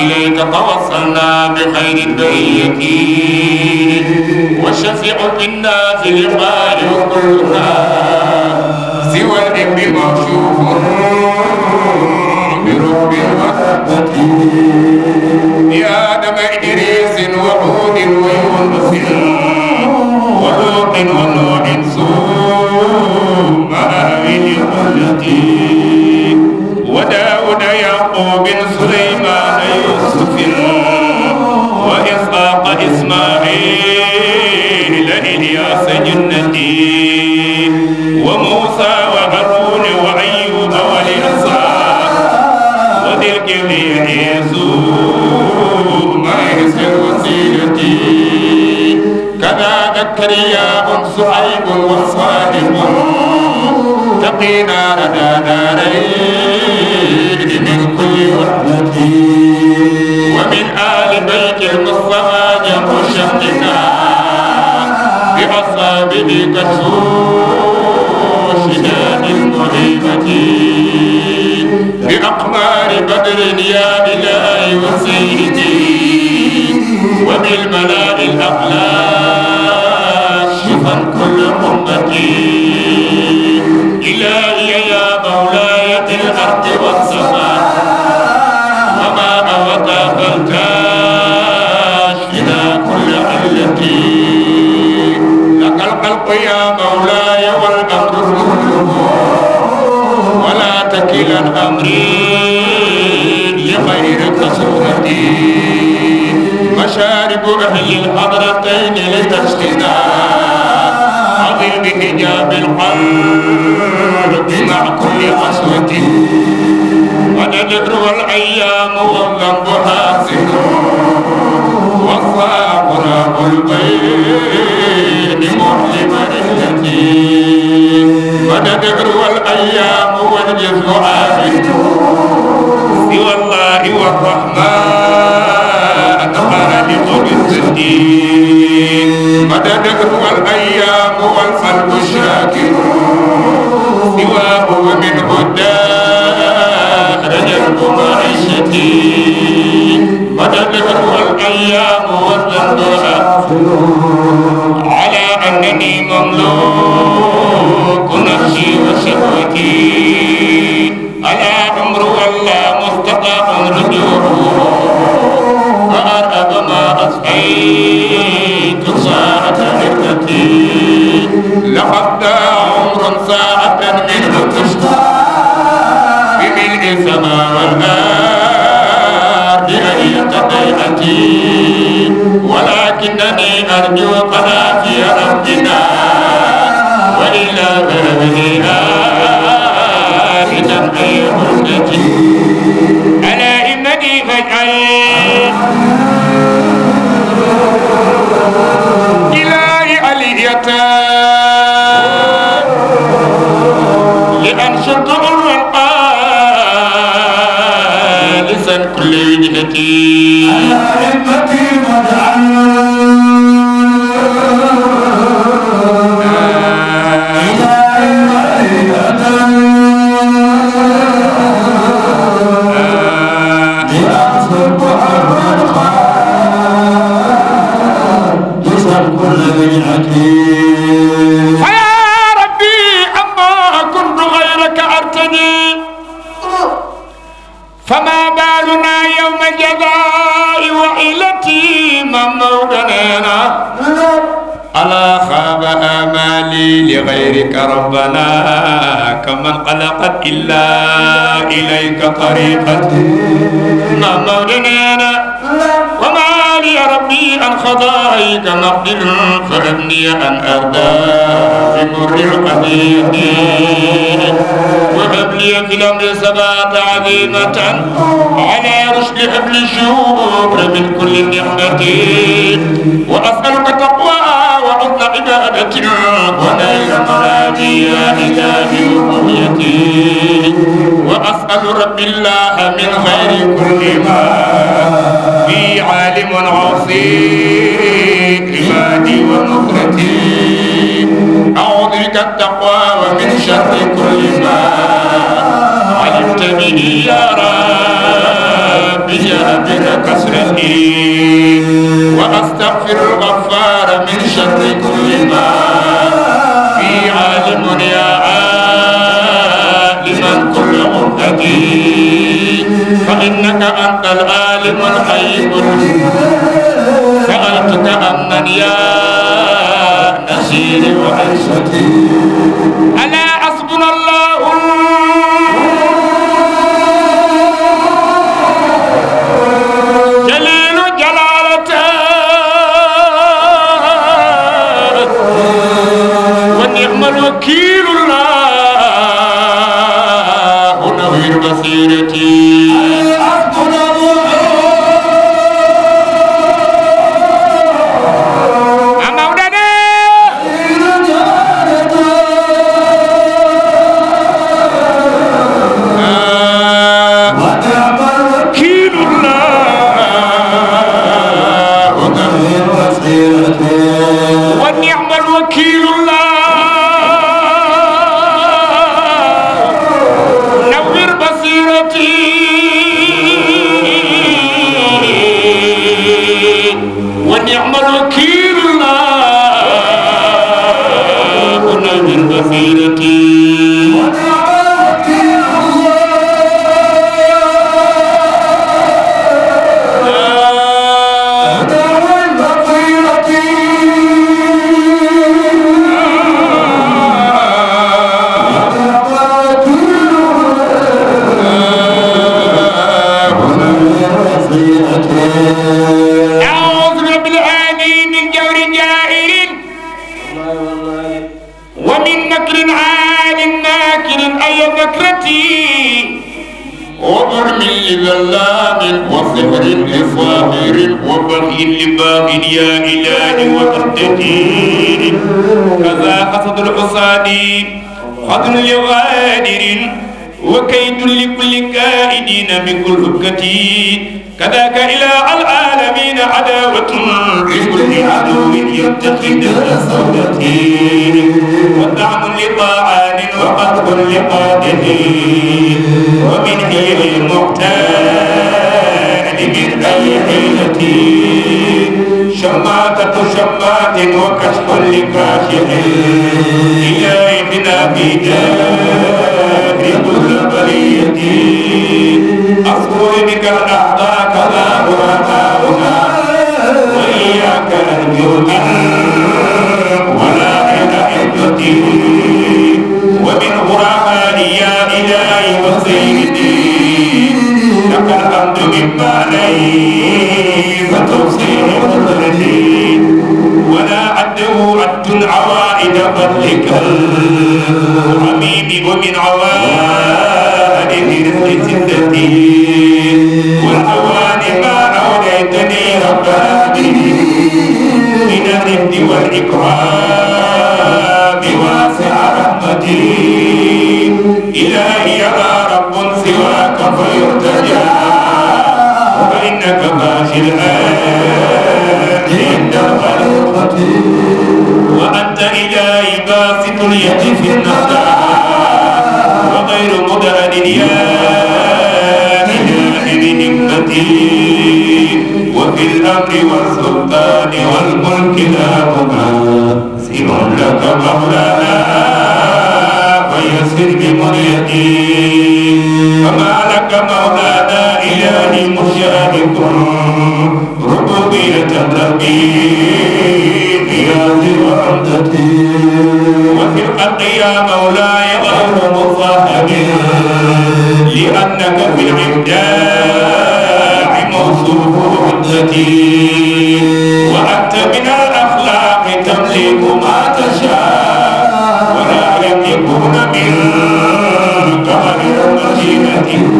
إليك توصلنا بخير البيت والشفيع إنا في لقاء يذكرنا سوى الإب مكشوف برب المحبة يا دم إدريس وعود ويونس ولوط ونوح ثم آل قلتي وداود يعقوب سليم وإسحاق إسماعيل إلياس جنتي وموسى وهارون وأيوب وليسى وذي الكبير يسوع ما وسيلتي كذا بن صعيب وصالح تقينا لدى دارين المنفوش يا المهيمتين بأقمار بدر يا إلهي وسيدي وبالملاء الأعلى شفا كل أمتي إلهي يا مولاي في الأرض والسماء إلى الأمرين لغير كسوتي مشارب أهل الحضرتين لتسقنا عظيم بحجاب الحرب مع كل قسوة وندر الأيام والذنب حاسد وصاب راب البيت مؤلم رحلتي وندر الأيام المعافي سوى الله والرحمن خالق بالتدين مددك والايام والخلق الشاكر سواه ومن هدى رجلت معيشتي مددك والايام والخلق الشاكر لا عمرا ساعة منه تشكو بملء السماء والأرض أية نعمتي ولكنني أرجو قناتي ربنا وإلا بلده آخذا في مدتي ألا إنني فجأة إلهي علية بأمس الضرر قالسا كل وجهتي على همتي لغيرك ربنا كمن قلقت إلا إليك طريقتي اللهم اغننا وما لي ربي أن خضائك مقدر فأبني أن أردى بمر حبيبي وهب لي في الأمر سبات عظيمة على رشد أهل الشوق من كل نعمة وأسألك تقوى عن عبادة وليس مرادي إلهي وقويتي وأسأل رب الله من غير كل ما لي عالم عصير عبادي ونصرتي أعوذ بك التقوى ومن شر كل ما علمت به يا رب بجانب كسره وأستغفر الغفار من شر كل ما في عالم يا عالم كل مهتدي فإنك أنت العالم الحي سألتك أمن يا نسير وعزتي nacer إغاثة شقاء وكشف لكاشف إلى إحدى في جاد كل برية أذكر بك الأعضاء كما وراءنا وإياك أرجو ولا إلى حجتي ومن غراماني يا إلهي وسيدي لك الحمد مما عليك أردت عوائد فضلك حبيبي ومن عوائد رزق سدتي والأوان ما أوليتني رباني من الرفد والإكرام واسع رحمتي إلهي يا رب سواك فيرتجى فانك باقي الآن عند الخلق اليد في النخاء وغير مدعن يا إله همتي وفي الأمر والسلطان والملك لهما سر لك مولانا ويسر بمريتي فما لك مولانا إلهي مشارك ربوبية تربيه يا ذي وعمدتي وفرقا يا مولاي غير مضاهب لأنك في الإبداع موصوف عدتي وأنت من الأخلاق تملك ما تشاء ولا يملكون منك غير مدينتي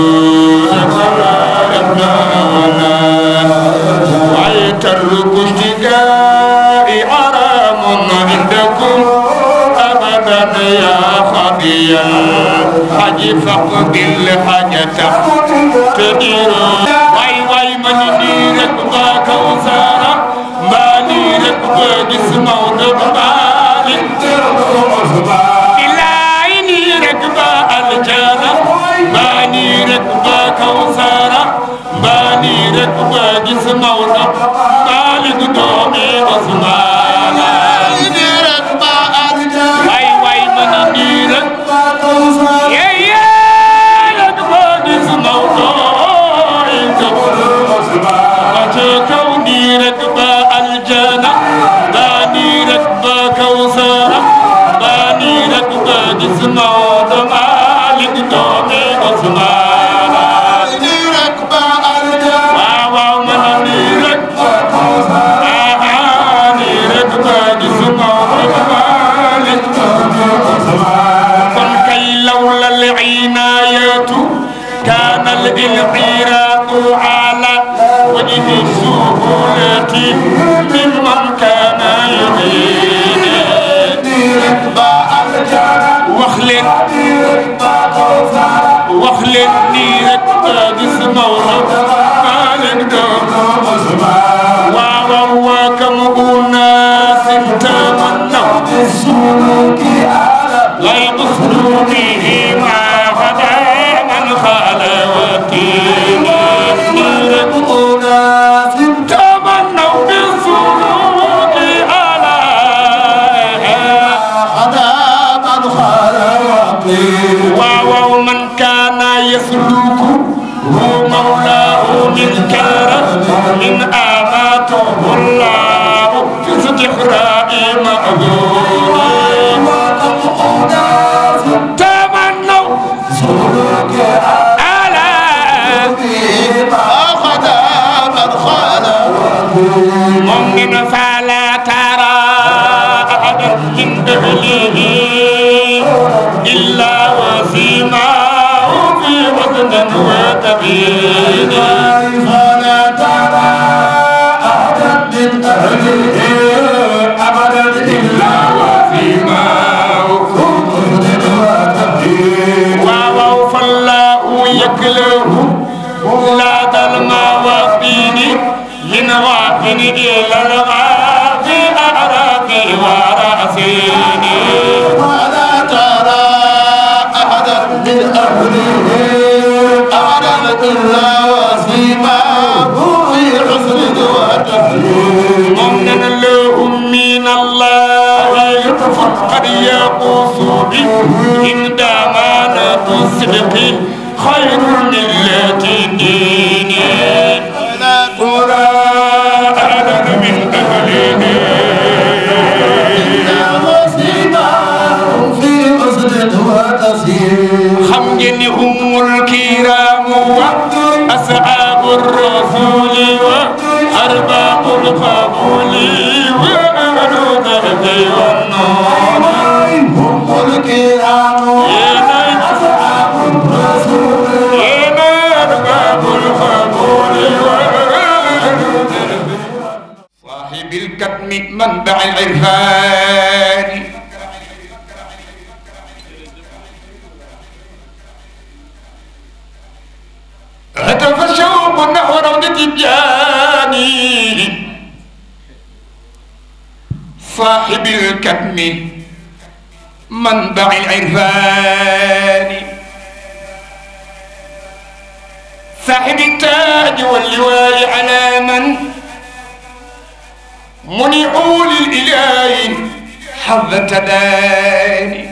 ترك اشتكاء حرام عندكم أبدا يا خبيا حج فقد الحاجة تدير واي واي مهدي ركبا كوثارا مالي ركبا جسم ودبالي ركبا قد يقوس به إن دامانة صدقي صاحب الكتم منبع العرفان صاحب التاج واللواء على من منعوا للإله حظ تداني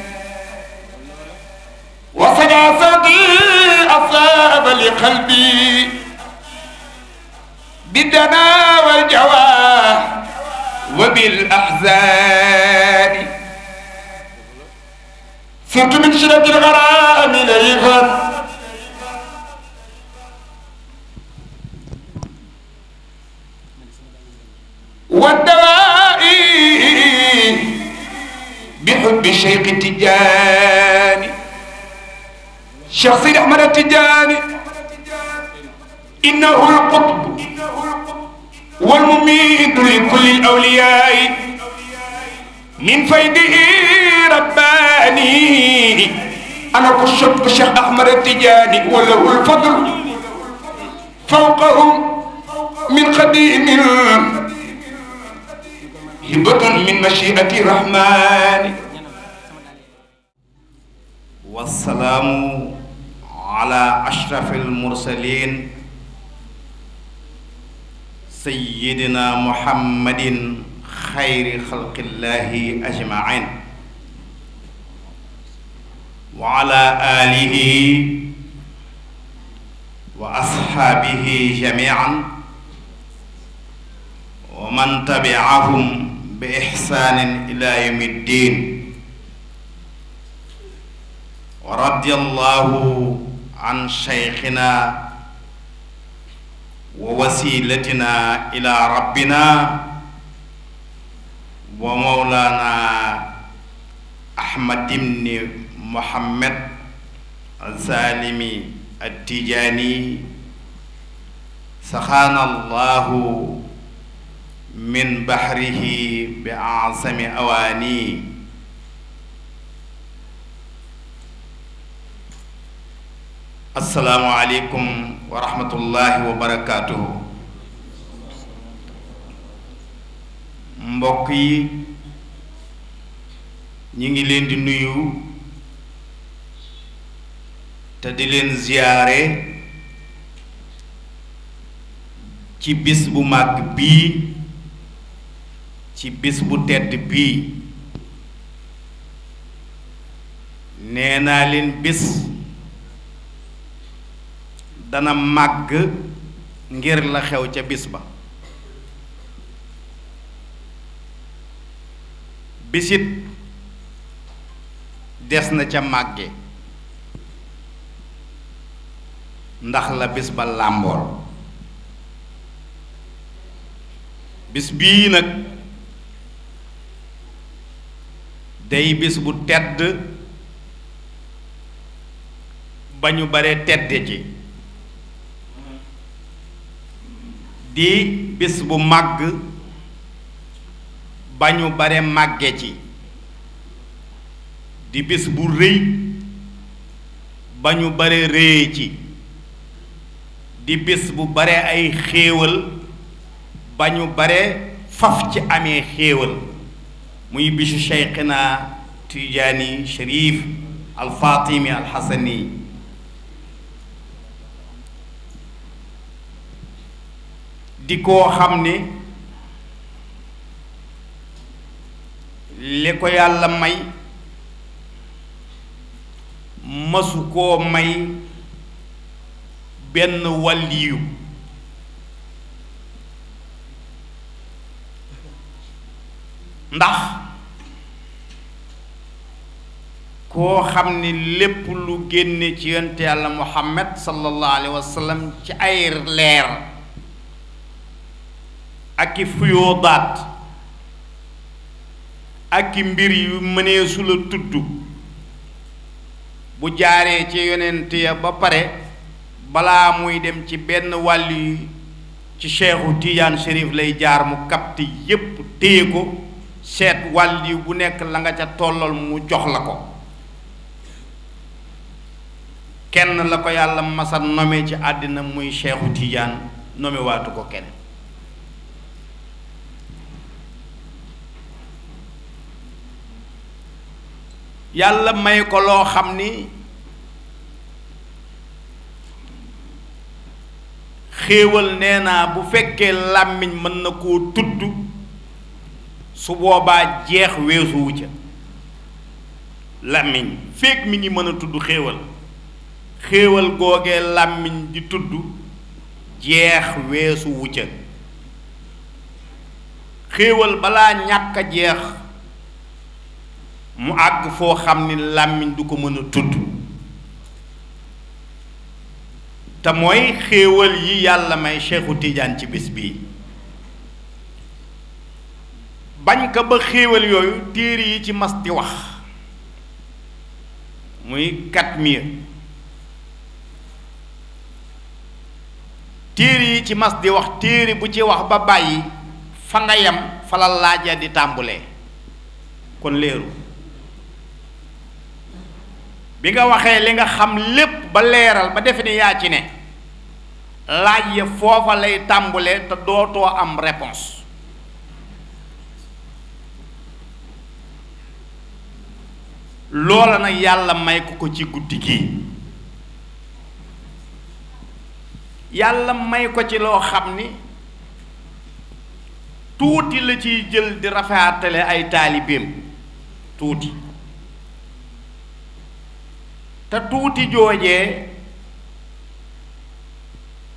وصدافتي أصاب لقلبي بالدنا والجواه وبالأحزان صرت من شدة الغرام ليفا والدواء بحب الشيخ تجاني شخصي أحمد التجاني إنه القطب والمميت لكل الأولياء من فيده رباني أنا كشبت شيخ أحمد التجاني وله الفضل فوقهم من قديم هبة من مشيئة الرحمن والسلام على أشرف المرسلين سيدنا محمد خير خلق الله أجمعين وعلى آله وأصحابه جميعا ومن تبعهم بإحسان إلى يوم الدين ورضي الله عن شيخنا ووسيلتنا إلى ربنا ومولانا أحمد بن محمد السالمي التجاني سخان الله من بحره بأعظم أواني السلام عليكم wa rahmatullahi wa barakaatuhu mbokk yi ñu ngi leen di nuyu te di leen ziyaare ci bis bu màgg bii ci bis bu tedd bii nee naa leen bis dana màgg ngir la xew ca bis ba bisit des na ca màgge ndax la bis ba làmbool bis bii nag day bis bu tedd ba ñu bare tedde di bis bu màgg ba ñu bare màgge ci di bis bu rëy ba ñu bare rëye ci di bis bu bare ay xéewal ba ñu bare faf ci amee xéewal muy bisu Cheikhina Tijaani Chérif al Fatimi di koo xam ne li ko yàlla may masu koo may benn wàlliyu ndax koo xam ni lépp lu génne ci yonte yàlla muhammad sallallahu alayhi ci ay leer ak i fuyoo daat ak i mbir yu mëneesu la tudd bu jaaree ci yonent ya ba pare balaa muy dem ci benn wàll yi ci Seexu Tiijaan Chérif lay jaar mu kapte yépp téye ko seet wàll yi bu nekk la nga ca tollal mu jox la ko kenn la ko yàlla masa nome ci àddina muy Seexu Tiijaan nomewaatu ko kenn yàlla may ko loo xam ni xéewal nee naa bu fekkee làmmiñ mën na koo tudd su boobaa jeex weesuwu ca làmmiñ fekk mi ngi mën a tudd xéewal xéewal googee làmmiñ di tudd jeex weesuwu ca xéewal balaa ñàkk a jeex mu àgg foo xam ni làmmiñ du ko mën a tudd te mooy xéewal yi yàlla may Seexu Tiijaan ci bis bii bañ ko ba xéewal yooyu téere yi ci mas di wax muy yi ci mas di wax téere bu ci wax ba bàyyi fa nga yem fa la di tàmbulee kon leeru bi nga waxee li nga xam lépp ba leeral ba defe ni yaa ci ne laaj ya foofa lay tàmbulee te dootoo am réponse loola nag yàlla may ko ko ci guddi gi yàlla may ko ci loo xam ni tuuti la ciy jël di rafetale ay taalibeem tuuti te tuuti joojee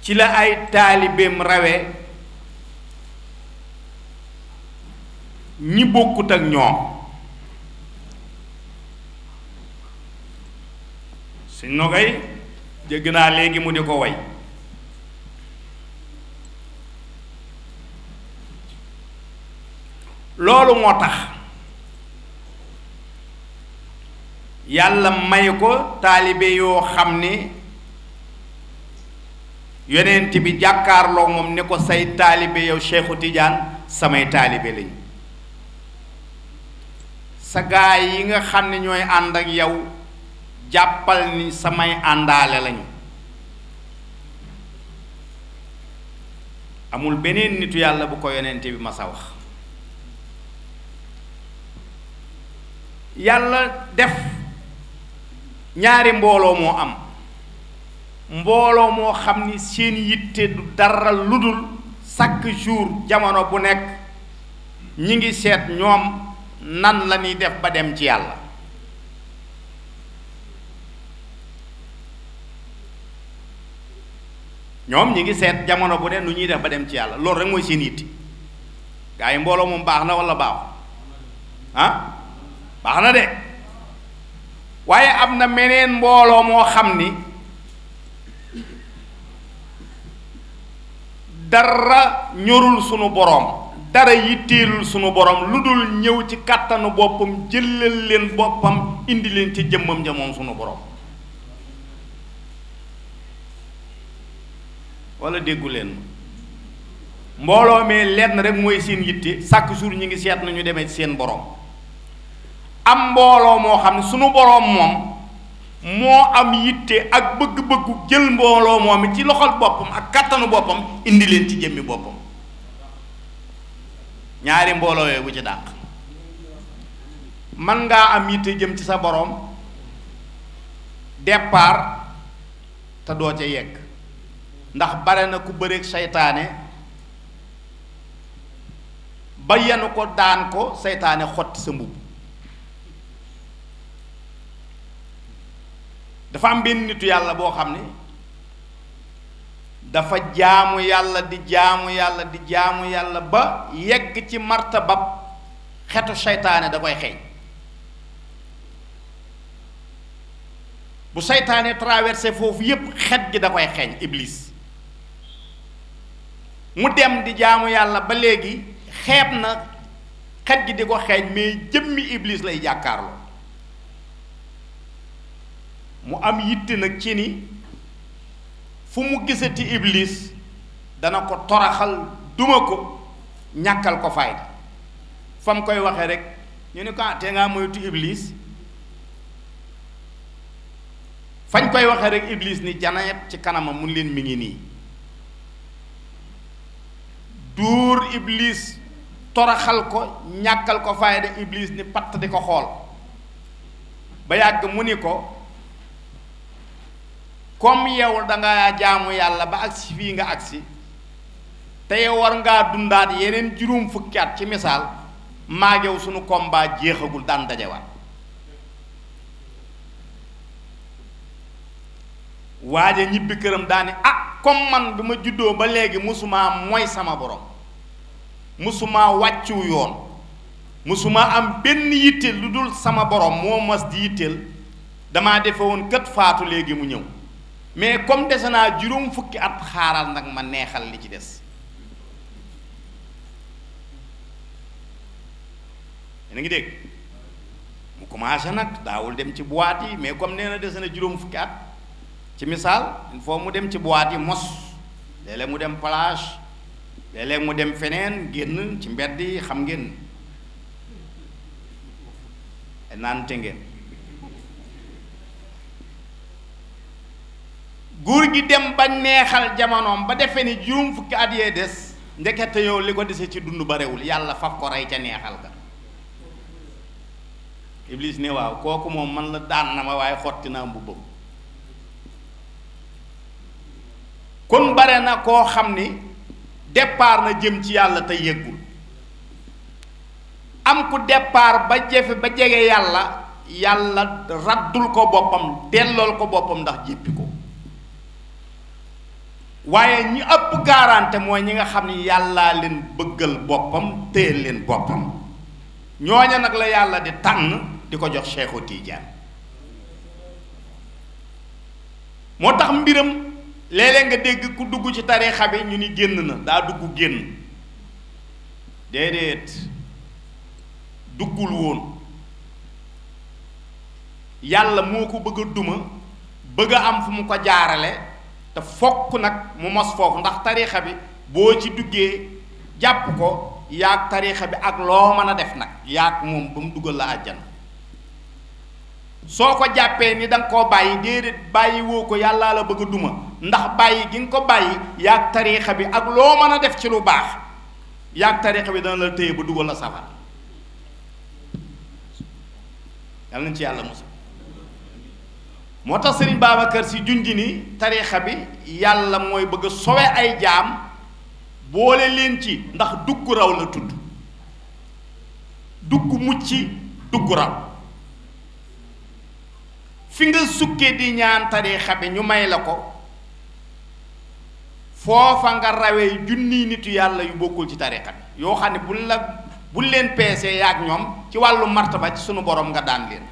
ci la ay taalibeem rawe ñi bokkut ak ñoom suñ nogay jëgg naa léegi mu di ko way loolu moo tax yàlla may ko taalibe yoo xam ni yonent bi jàkkaarloo moom ni ko say taalibe yow Cheikhu Tidiane samay taalibe lañ sa gaa yi nga xam ne ñooy ànd ak yow jàppal ni samay àndaale lañu amul beneen nitu yàlla bu ko yonent bi ma a wax yàlla def ñaari mbooloo moo am mbooloo moo xam ni seen yitte du dara lu dul chaque jour jamono bu nekk ñi ngi seet ñoom nan la ñuy def ba dem ci yàlla ñoom ñi ngi seet jamono bu ne nu ñuy def ba dem ci yàlla loolu rek mooy seen yitte gaa yi mbooloo moom baax na walla baaxul ah baax na de waaye am na meneen mbooloo moo xam ni dara ñorul sunu boroom dara yitteelul sunu boroom lu dul ñëw ci kàttanu boppam jëlal leen boppam indi leen ci jëmmam ja sunu boroom wala déggu leen mbooloo mee lenn rek mooy seen yitte chaque jour ñu ngi seet nañu demee ci seen boroom am mbooloo moo xam ne sunu boroom moom moo am yitte ak bëgg-bëggu jël mbooloo moom ci loxol boppam ak kàttanu boppam indi leen ci jëmmi boppam ñaari mbooloo yooyu bu ci dàq man ngaa am yitte jëm ci sa boroom départ te doo ca yegg ndax bare na ku bëreeg seytaane ba yenu ko daan ko seytaane xotti sa mbubb dafa am benn nitu yàlla boo xam ne dafa jaamu yàlla di jaamu yàlla di jaamu yàlla ba yegg ci martabab xetu seytaane da koy xeeñ bu seytaane traversé foofu yépp xet gi da xeeñ iblis mu dem di jaamu yàlla ba léegi xeeb na xet gi di ko xeeñ mais jëmmi iblis lay jàkkaarloo mu am yitte nag ci ni fu mu gisati iblis dana ko toraxal duma ko ñàkkal ko fayda fa mu koy waxee rek ñu ne ko ah tee ngaa moytu iblis fañ koy waxe rek iblis ni janayet ci kanamam mun leen mi ngi nii duur iblis toraxal ko ñàkkal ko fayda iblis ni patt di ko xool ba yàgg mu ni ko comme yow danga jaamu yàlla ba agsi fii nga agsi te war ngaa dundaat yeneen juróom fukki at ci misaal maag yow sunu combat jeexagul daan dajewaat waaja ñibbi këram ni ah comme man bi ma juddoo ba léegi musumaa mooy sama borom musumaa wàccu yoon musumaa am benn yitteel lu dul sama borom moo mas di yitteel damaa defe woon kët faatu léegi mu ñëw mais comme dese naa juróom fukki at xaaral nag ma neexal li ci des yéen ngi dégg mu commencé nag daawul dem ci boîte yi mais comme nee na dese na juróom fukki at ci misaal il faut mu dem ci boîte yi mos léeg mu dem plage léeg mu dem feneen génn ci mbedd yi xam ngeen naante ngeen góor gi dem ba neexal jamonoom ba defe ni juróom fukki at yee des ndekete yow li ko dese ci dund barewul yàlla faf ko rey ca neexal ga Iblis ne waaw kooku moom man la daan na ma waaye xotti naa mbubbam kon bare na koo xam ni départ na jëm ci yàlla te yëggul am ku départ ba jafe ba jege yàlla yàlla raddul ko boppam dellool ko boppam ndax jéppi ko waaye ñi ëpp gaarante mooy ñi nga xam ni yàllaa leen bëggal boppam téyel leen boppam ñooña nag la yàlla di tànn di ko jox Seexu Tiijaan moo tax mbiram léeg-léeg nga dégg ku dugg ci tariixa bi ñu ni génn na daa dugg génn déedéet duggul woon yàlla moo ko bëgg a duma bëgg a am fu mu ko jaarale te fokk nag mu mos foofu ndax tariixa bi boo ci duggee jàpp ko yaag tariixa bi ak loo mën a def nag yaag moom ba mu dugal la àjjana soo ko jàppee ni da koo bàyyi déedéet bàyyiwoo ko yàllaa la bëgg a duma ndax bàyyi gi nga ko bàyyi yaag tariixa bi ak loo mën a def ci lu baax yaag tariixa bi dana la téye ba dugal la safara yàlla na ci yàlla musal moo tax seen Babacar si jundi ni tariixa bi yàlla mooy bëgg a ay jaam boole leen ci ndax dugg raw la tudd dugg mucc dugg raw fi nga sukkee di ñaan tariixa bi ñu may la ko foofa nga rawee junniy nit yàlla yu bokkul ci tariixa bi yoo xam ne bu la bu leen peesee ak ñoom ci wàllu martaba ci sunu borom nga daan leen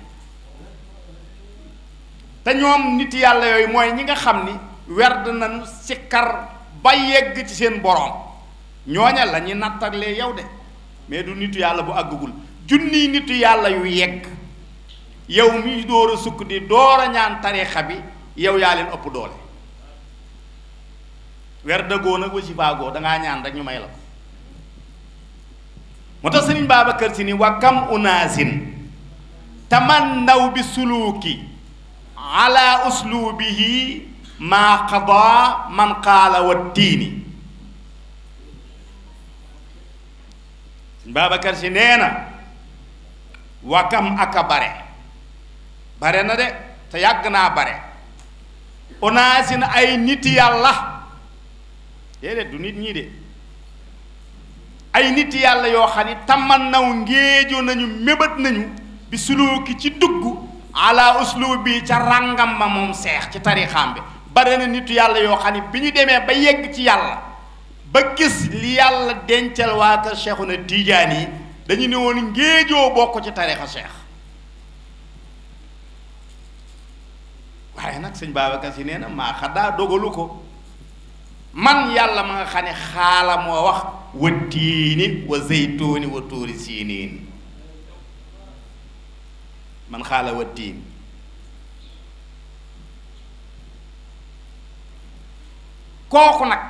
te ñoom nit yàlla yooyu mooy ñi nga xam ni werd nañu kar ba yegg ci seen borom ñooña la ñuy nattalee yow de mais du nitu yàlla bu àggagul junniy nitu yàlla yu yegg yow mi door a sukk di door a ñaan tarixa bi yow yaa leen ëpp doole wer dëggoo nag wasi faagoo da ngaa ñaan rek ñu may la ko moo tax sëriñ ni wa kam unaasin tamannaw bi ala uslubihi maa qada man qaala wa tiini si nee na wa aka bare bare na de te yàgg naa bare onaasin ay nit yàlla déedéet du nit ñii de ay nit yàlla yoo xam ni taman naw ngéejoo nañu mébét nañu bi suluuki ci dugg ala uslub bi ca ràngam ma moom seex ci tarixaam bi bare na nit yàlla yoo xam ne bi ñu demee ba yegg ci yàlla ba gis li yàlla dencal waa kër seexu na tiijaan yi dañu ne woon ngéejoo bokk ci tarixa seex waaye nag sëñ ka Si nee na maa xaddaa dogalu ko man yàlla ma nga xam ne xaala moo wax wa tiini wa zeytooni wa tóori siiniin man xaalawa diin kooku nag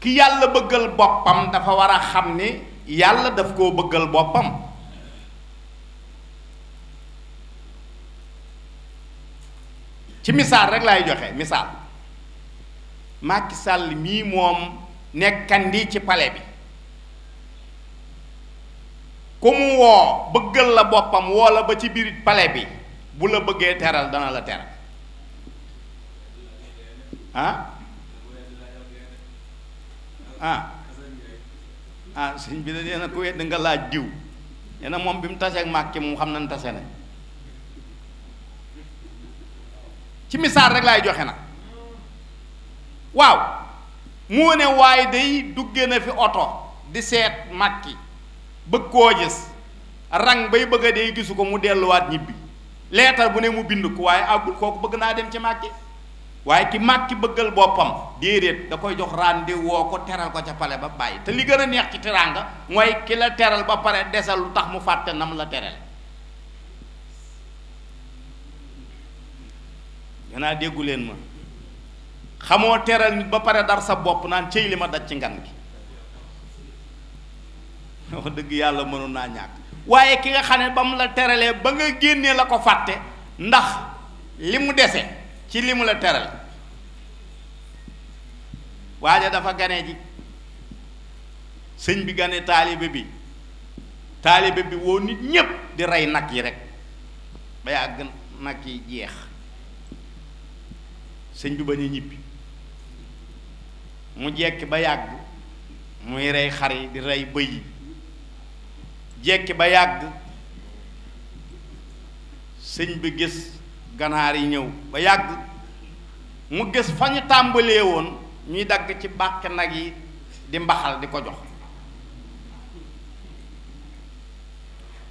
ki yàlla bëggal boppam dafa war a xam ni yàlla daf koo bëggal boppam ci misaal rekk lay joxe misaal Macky Sall mii moom nekkandi ci pale bi ku mu woo bëggal la boppam woo la ba ci biir pale bi bu la bëggee teral dana la teral ah ah ah sëñ bi da deen ku wedd nga laaj diw neena moom bi mu taseeg màkki moom xam nañ tase nañ ci misaal rek laay joxe na waaw mu ne waaye day dugge na fi oto di seet màkki bëgg koo gis rang bay bëgg a dee gisu ko mu delluwaat ñibbi leetar bu ne mu bind ko waaye àggul kooku bëgg naa dem ci màkki waaye ki màkki bëggal boppam déedéet da koy jox rande woo ko teral ko ca pale ba bàyyi te li gën a neex ci teraanga mooy ki la teral ba pare desal lu tax mu fàtte nam la teral danaa déggu leen ma xamoo teral nit ba pare dar sa bopp naan cëy li ma daj ci ngan wax deug yalla mënu na ñak waye ki nga xane bam la teralé ba nga génné la ko faté ndax limu déssé ci limu la teral waja dafa gané ji señ bi gané talibé bi talibé bi wo nit ñëpp di ray nak yi rek ba gën nak yi jeex señ bi bañu mu jekk ba yag muy ray xari di ray beuy jekki ba yàgg sëñ bi gis ganaar yi ñëw ba yàgg mu gis fa ñu tàmbalee woon ñuy dagg ci bàq nag yi di mbaxal di ko jox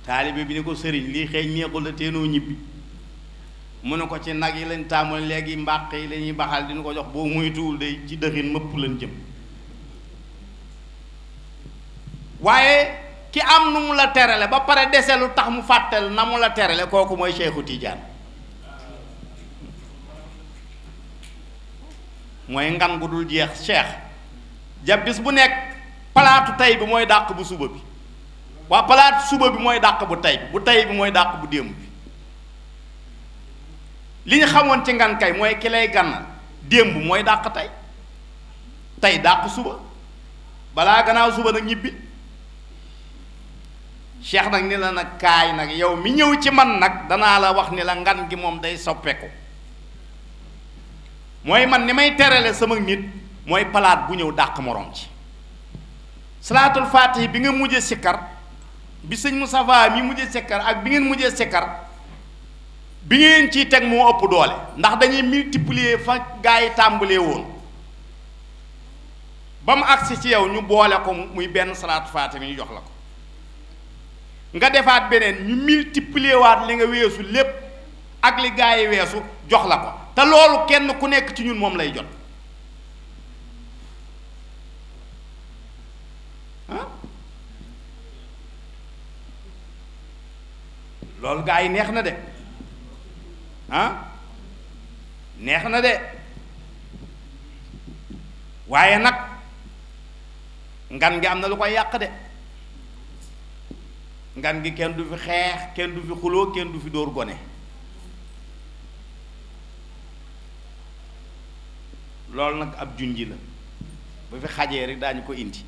taalibe bi ni ko sëriñ lii xëy neexul la teenoo ñibbi mu ne ko ci nag yi lañ tàmbali léegi mbàq yi lañuy baxal dina ko jox boo moytuwul day ci dëxin mëpp lañ jëm waaye ci am nu mu la terale ba pare dese lu tax mu fàttal na mu la terale kooku mooy Seexu Tijaan mooy ngan gu jeex cheikh ja bu nekk palaatu tey bi mooy dàq bu suba bi waa palaatu suba bi mooy dàq bu tey bi bu tey bi mooy dàq bu démb bi li ñu xamoon ci ngan kay mooy ki lay gànnal démb mooy dàq tey tey dàq suba balaa gannaaw suba nag ñibbi cheikh nag ni la nag kaay nag yow mi ñëw ci man nag danaa la wax ni la ngan gi moom day soppeeku mooy man ni may terale sama nit mooy palaat bu ñëw dàq moroom ci salaatul faatihi bi nga mujjee sikkar bi sëñ Moustapha mi mujjee sikkar ak bi ngeen mujje sikkar bi ngeen ci teg moo ëpp doole ndax dañuy multiplier fa gaa yi tàmbalee woon ba mu agsi ci yow ñu boole ko muy benn salaatul faatihi mi ñu jox la ko nga defaat beneen ñu multiplier waat li nga weesu lépp ak li gaa yi weesu jox la ko te loolu kenn ku nekk ci ñun moom lay jot loolu gaa yi neex na de ah neex na de waaye nag ngan ngi am na lu koy yàq de ngan gi kenn du fi xeex kenn du fi xuloo kenn du fi dóor gone loolu nag ab junji la bu fi xajee rek daañu ko indi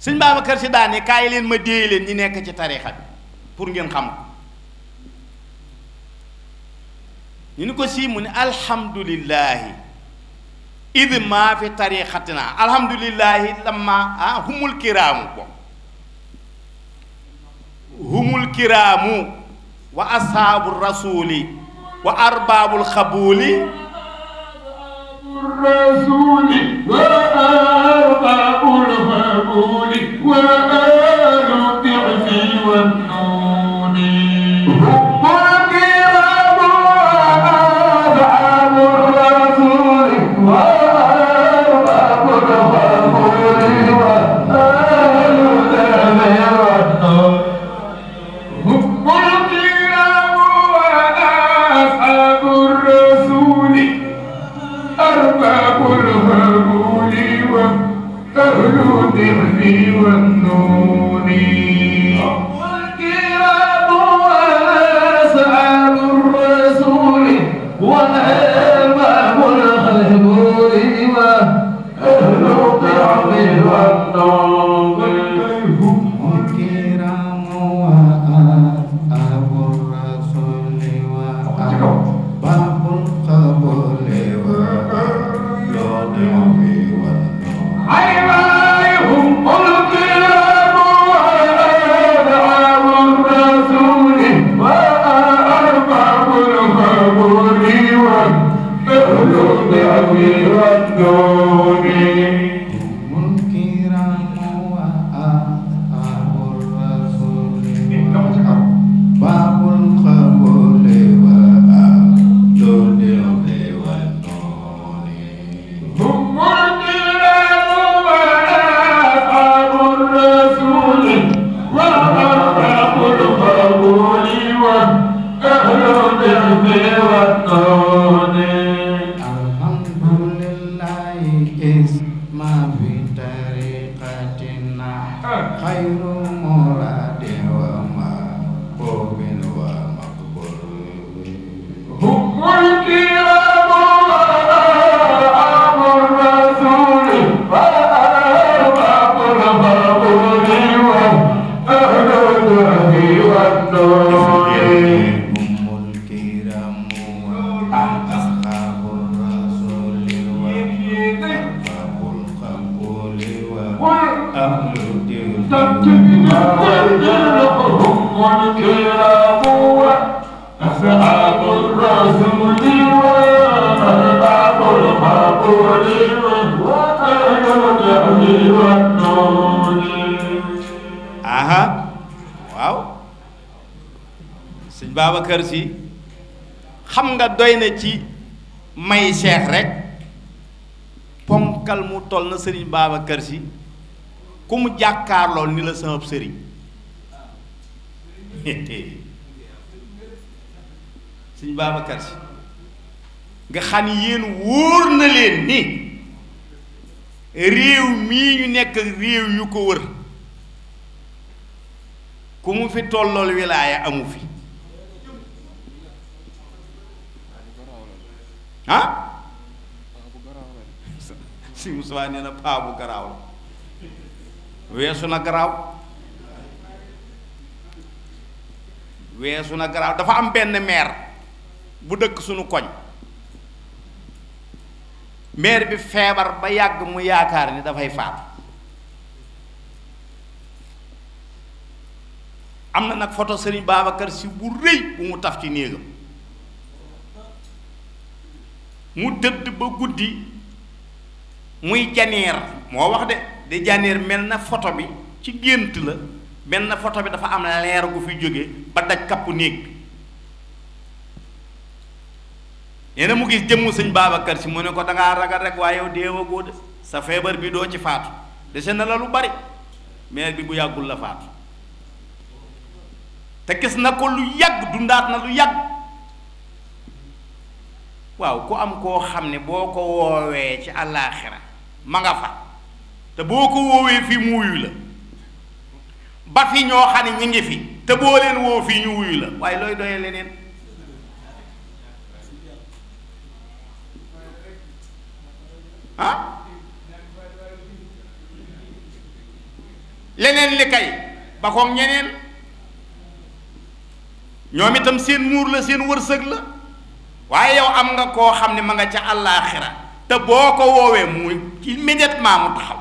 sëñ Babacar Si daani kaay leen ma déey leen ñi nekk ci tariixa bi pour ngeen xam ko ñu ni ko sii mu ne alhamdulillahi id maa fi tariixatina alhamdulillahi lamma ah, humul kiraamu bokk هم الكرام وأصحاب الرسول وأرباب الخبول الرسول وأرباب الخبول aha waaw sëñ Babacar Si xam nga doy na ci may Cheikh rek ponkal mu toll na sëriñ Babacar Si ku mu jàkkaarloo ni la sama sëriñ sëñ Babacar Si nga xam ni yéen wóor na leen ni réew mii ñu nekk réew yu ko wër ku mu fi tollool wilaaya amu fi ah si Moussa nee na paa bu garaaw la weesu na garaaw weesu na garaaw dafa am benn maire bu dëkk sunu koñ maire bi feebar ba yàgg mu yaakaar ni dafay faat am na nag foto Serigne Babacar Sy bu rëy bu mu taf ci néegam mu tëdd ba guddi muy janeer moo wax de di janeer mel na photo bi ci gént la mel na photo bi dafa am leer gu fi jóge ba daj kapp néeg bi nee mu gis jëmm sëñ Babacar si mu ne ko dangaa ragal rek waaye yow deewagoo de sa feebar bi doo ci faatu dese na la lu bari meer bi bu yàggul la faatu te gis na ko lu yàgg dundaat na lu yàgg waaw ku am koo xam ne boo ko woowee ci àllaaxira ma nga fa te boo ko woowee fii mu wuyu la ba fi ñoo xam ne ngi fi te boo leen woo fii ñu wuyu la waaye looy doyee leneen ah leneen li kay ba koog ñeneen ñoom itam seen muur la seen wërsëg la waaye yow am nga koo xam ne ma nga ca àllaaxira te boo ko woowee mu immédiatement mu taxaw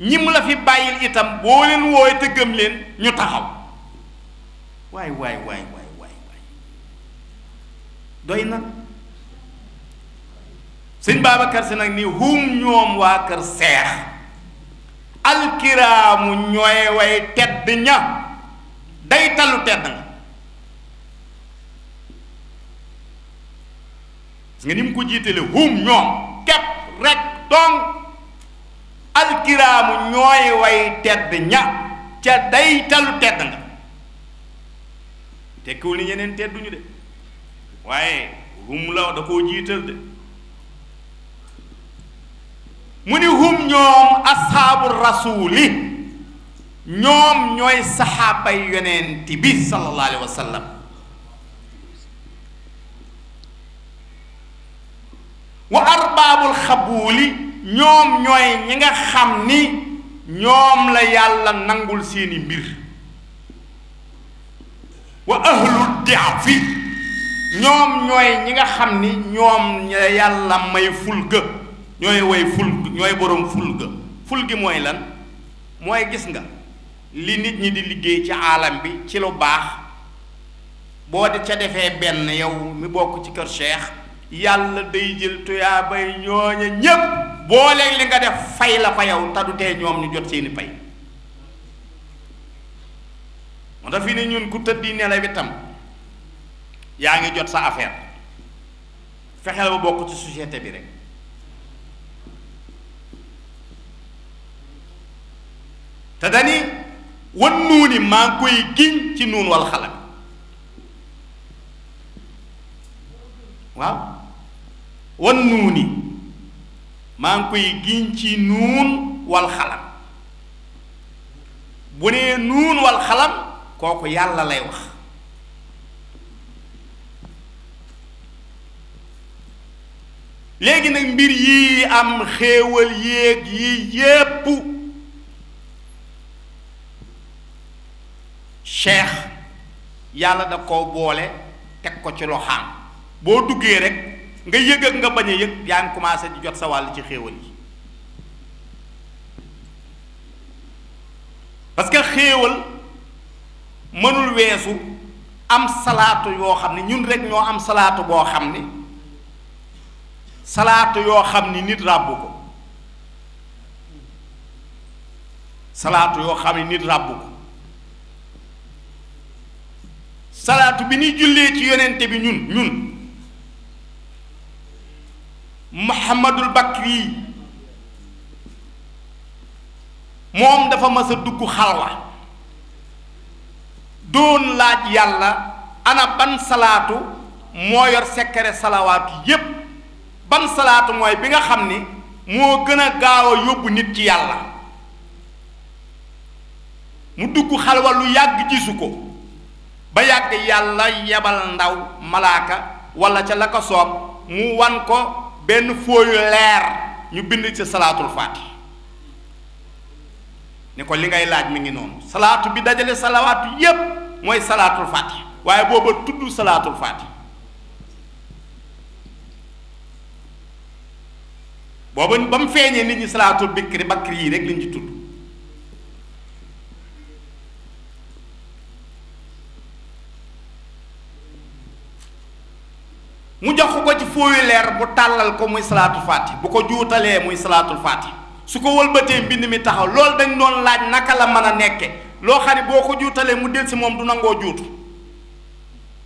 ñi mu la fi bàyyil itam boo leen woowee te leen ñu taxaw waay waay waay waay doy na sëñ Babacar nag ni hum kër seex alkiraamu ñooy way tedd ña day tallu tedd nga nga ni mu ko jiitale hum ñoom képp rek donc alkiraamu ñooy way tedd ña ca day tallu tedd nga tekkiwul ni ñeneen tedduñu de waaye hum la da koo jiital de muni hum ñoom ashabu rasuuli ñoom ñooy sahaba yonent bi sallallahu alaihi wasallam wa arbaabul khabuli ñoom ñooy ñi nga xam ni ñoom la yàlla nangul seeni mbir wa ahlu diafi ñoom ñooy ñi nga xam ni ñoom la yàlla may fulga ñooy woy ful ñooy boroom ful ga ful gi mooy lan mooy gis nga li nit ñi di liggéey ci aalam bi ci lu baax boo di ca defee benn yow mi bokk ci kër cheikh yàlla day jël tuyaabay ñooña ñépp boo leen li nga def fay la fa yow te du ñoom ñu jot seeni pay moo tax fi ne ñun ku tëddi nelaw itam yaa ngi jot sa fexe fexeel ba bokk ci société bi rek te dani wan nuuni maa ngi koy giñ ci nuun wal xalam waaw wan nuuni maa ngi koy giñ ci nuun wal xalam bu nee nuun wal xalam kooku yàlla lay wax léegi nag mbir yii am xéewal yéeg yii yépp cheikh yàlla da koo boole teg ko ci loxaam boo duggee rek nga yëg ak nga bañ a yëg yaa ngi commencé di jot sa wàll ci xéewal yi parce que xéewal mënul weesu am salaatu yoo xam ne ñun rek ñoo am salaatu boo xam ne salaatu yoo xam ni nit ràbbu ko salaatu yoo xam ne nit ràbbu ko salaatu bi ñuy jullee ci yonente bi ñun ñun muhammadul bakri moom dafa mas dugg xalwa doon laaj yàlla ana ban salaatu moo yor sekkere salawaatu yépp ban salaatu mooy bi nga xam ni moo gën a gaawa a yóbbu nit ci yàlla mu dugg xalwa lu yàgg gisu ko ba yàgg yàlla yebal ndaw malaaka walla ca la soob mu wan ko benn fooyu leer ñu bind ci salaatul faatih ni ko li ngay laaj mu ngi noonu salaatu bi dajale salawaatu yépp mooy salaatul faatih waaye booba tudd salaatul faatih booba ba mu feeñee nit ñi salaatul bikri bakri yi rek lañ ci tudd mu jox ko ci fooyu leer bu tàllal ko muy salaatul faati bu ko juutalee muy salaatul faati su ko wëlbatee mbind mi taxaw loolu dañ doon laaj naka la mën a nekke loo xam ne boo ko juutalee mu del si moom du nangoo juutu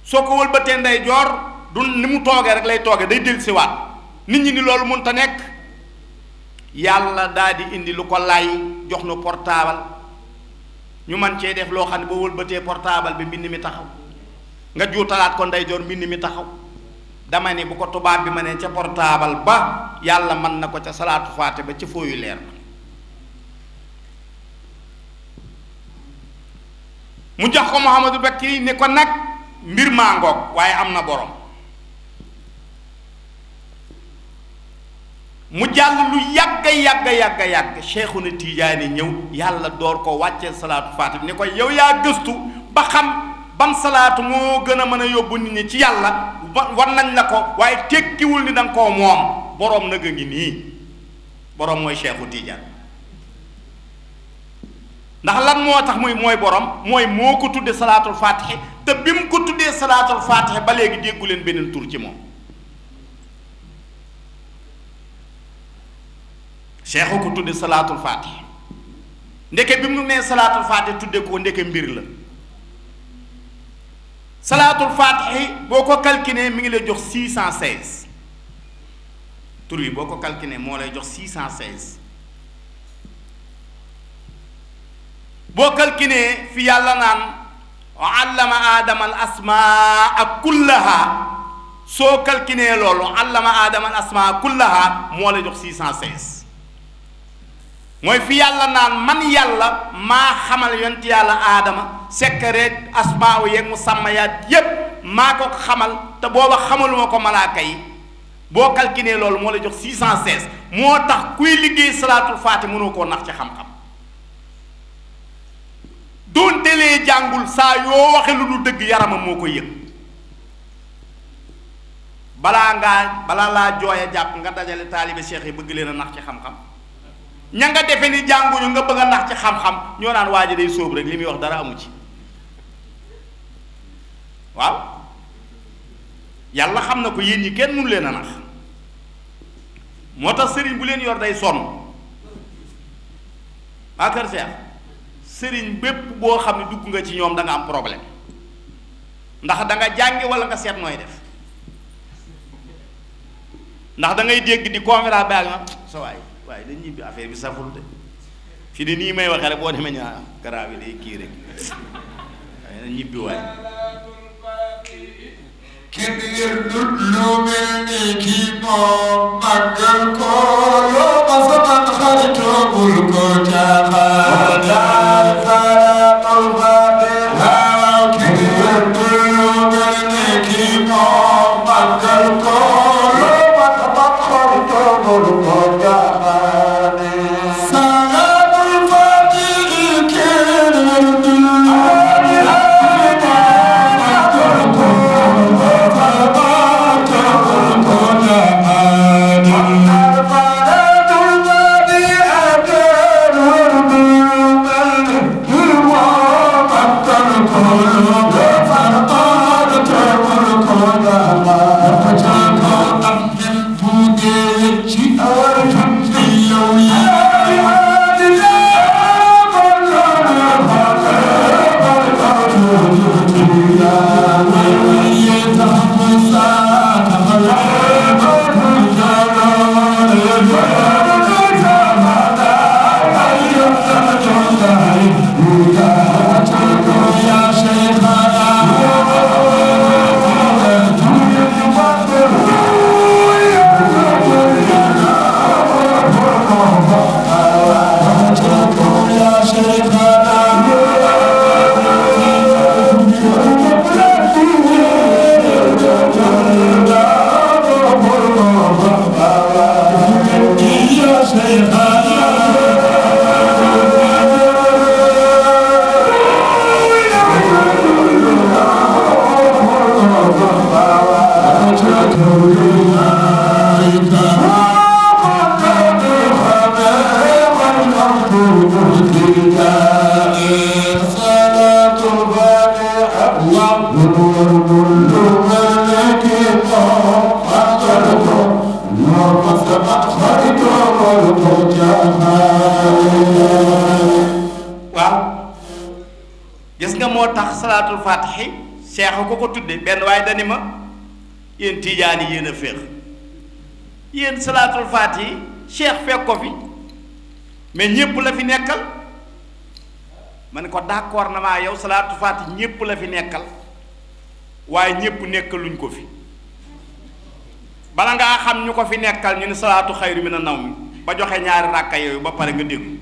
soo ko wëlbatee ndeyjoor joor du ni mu toogee rek lay toogee day del si waat nit ñi ni loolu mun ta nekk yàlla daal di indi lu ko lay jox nu portaabal ñu man cee def loo xam ne boo wëlbatee portable bi mbind mi taxaw nga juutalaat ko nday mbind mi taxaw dama ni bu ko tubaab bi ma ne ca portaabal ba yàlla man na ko ca salaatu faate ba ci fooyu leer mu jox ko Mouhamadou Bakri ni ko nag mbir maa ngoog waaye am na boroom mu jàll lu yàgg yàgg yàgg na Cheikhuna Tijaani ñëw yàlla door ko wàccee salaatu faate bi ni ko yow yaa gëstu ba xam ban salaatu moo gën a mën a yóbbu nit ñi ci yàlla wan nañ la ko waaye tekkiwul ni da nga koo moom boroom nag a ngi nii boroom mooy Seexu Tijaan ndax lan moo tax muy mooy borom mooy moo ko tuddee salaatul faatihi te bi mu ko tuddee salaatul faatihi ba léegi déggu leen beneen tur ci moom Seexu ko tuddee salaatul faatihi ndeke bi mu nee salaatul faatihi tudde ko ndeke mbir la salatul faatihi boko ko calculé mi ngi lay jox 616 tur bi boo ko calculé moo lay jox 616 boo calculé fi yàlla naan wa allama aadama al asmaa kullaha so calculé loolu allama aadama al asmaa kullaha moo lay jox 616 moy fi yàlla naan man yàlla maa xamal yonent yàlla aadama sekkareeg asmaaw yeeg mu sàmmayaat yépp maa ko xamal te booba xamaluma ko malaaka yi boo calculé loolu moo la jox 616 moo tax kuy liggéey salaatul faati mënoo koo nax ci xam-xam doonte lee jàngul saa yoo waxe lu dul dëgg yaramam moo ko yëg balaa ngaa balaa laa jooy a jàpp nga dajale taalibe cheikh yi bëgg leen a nax ci xam-xam ña nga defe ni jànguñu nga bëgg a nax ci xam-xam ñoo naan waa ji day rek li muy wax dara amu ci waaw yàlla xam na ko yéen ñi kenn mënu leen a nax moo tax sëriñ bu leen yor day sonn waa Kër sëriñ bépp boo xam ne dugg nga ci ñoom da am problème ndax danga nga jàngi wala nga seet nooy def ndax da ngay dégg di conférence ba ak ma sa waay waaye dañ ñibbi affaire bi saful de fi de nii may waxee rek boo demee ñaa garaaw yi day kii rek waaye dañ ñibbi waay kibir lu mel ni kii moom màggal ko loo ma sama xaritoo bul ko tijaani yéen a féex yéen salaatul faati yi cheikh fekk fi mais ñépp la fi nekkal ma ne ko d'accord na maa yow salaatul faati ñépp la fi nekkal waaye ñépp nekkaluñ ko fi bala ngaa xam ñu ko fi nekkal ñu ne salaatu xayru mina naw mi ba joxe ñaari ràkka yooyu ba pare nga déglu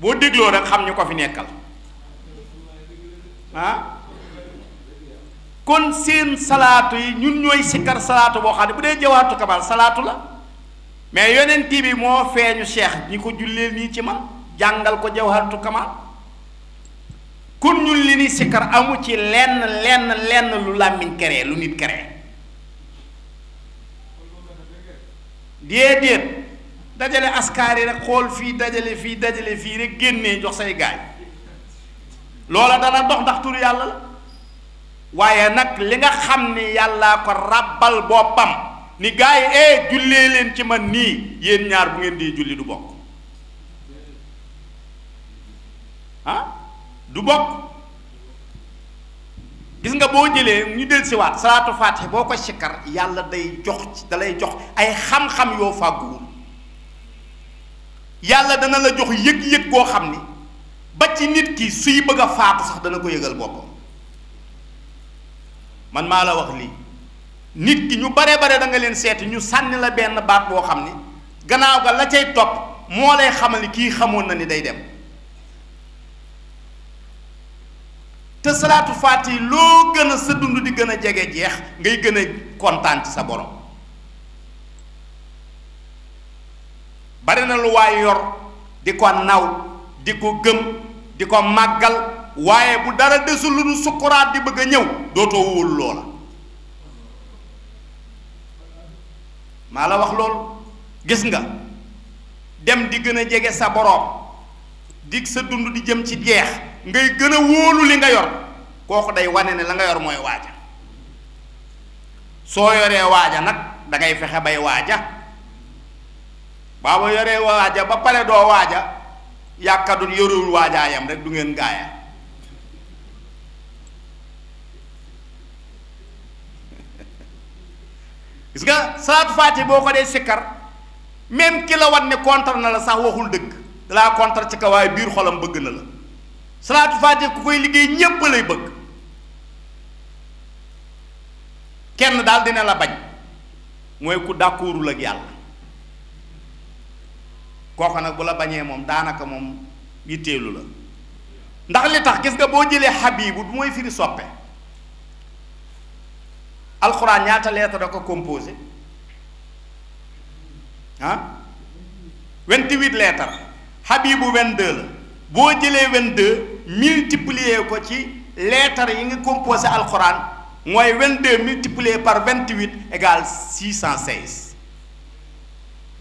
boo dégloo rek xam ñu ko fi nekkal kon seen salaatu yi ñun ñooy sikkar salaatu boo xam ne bu dee jawaatu kamal salaatu la mais yonent bi moo feeñu cheikh ñi ko jullee nii ci man jàngal ko jawaatu kamal kon ñun li ni sikkar amu ci lenn lenn lu làmmiñ keree lu nit keree déedéet dajale askaar yi rek xool fii dajale fii dajale fii rek génnee jox say gaay loola dana dox ndax tur yàlla la waaye nag li nga xam ni yàllaa ko ràbbal boppam ni gars yi eh jullee leen ci man nii yéen ñaar bu ngeen di julli du bokk ah du bokk gis nga boo jëlee ñu del siwaat faat faatiha boo ko sikkar yàlla day jox ci da jox ay xam-xam yoo fàgguwul yàlla dana la jox yëg-yëg koo xam ni ba ci nit ki suy bëgg a faatu sax dana ko yëgal boppam man maa la wax lii nit ki ñu bare bare da nga leen seeti ñu sànni la benn baat boo xam ni gannaaw ga la cay topp moo lay xamal ni kii xamoon na ni day dem te salaatu faati loo gën a sa dund di gën a jege jeex ngay gën a kontaan ci sa borom bare na lu waay yor di ko naw di ko gëm di ko màggal waye bu dara desul lu nu di bëgg ñew doto dootoo wóolu loola wax gis nga dem di gëna a sa borom dik sa dund di jëm ci jeex ngay gëna a li nga yor koku day wané né la nga yor moy waaja so yoré waaja nak da ngay fexé bay waaja baaba yoré waaja ba pare doo waaja yorul yam rek du ngeen gaaya gis nga salaatu faati boo ko dee sikkar même ki la wan ne contre na la sax waxul dëgg dalaa contre ci kawaay biir xolam bëgg na la salaatu faati ku koy liggéey ñépp lay bëgg kenn daal dina la bañ mooy ku d'accordul ak yàlla kooku nag bu la bañee moom daanaka moom yitteelu la ndax li tax gis nga boo jëlee xabibu bu mooy firi soppe alxuraan ñaata lettre da ko composé ah 28 lettres Habibu 22 la boo jëlee 22 multiplier ko ci lettres yi nga composé alxuraan mooy 22 multiplié par 28 égale 616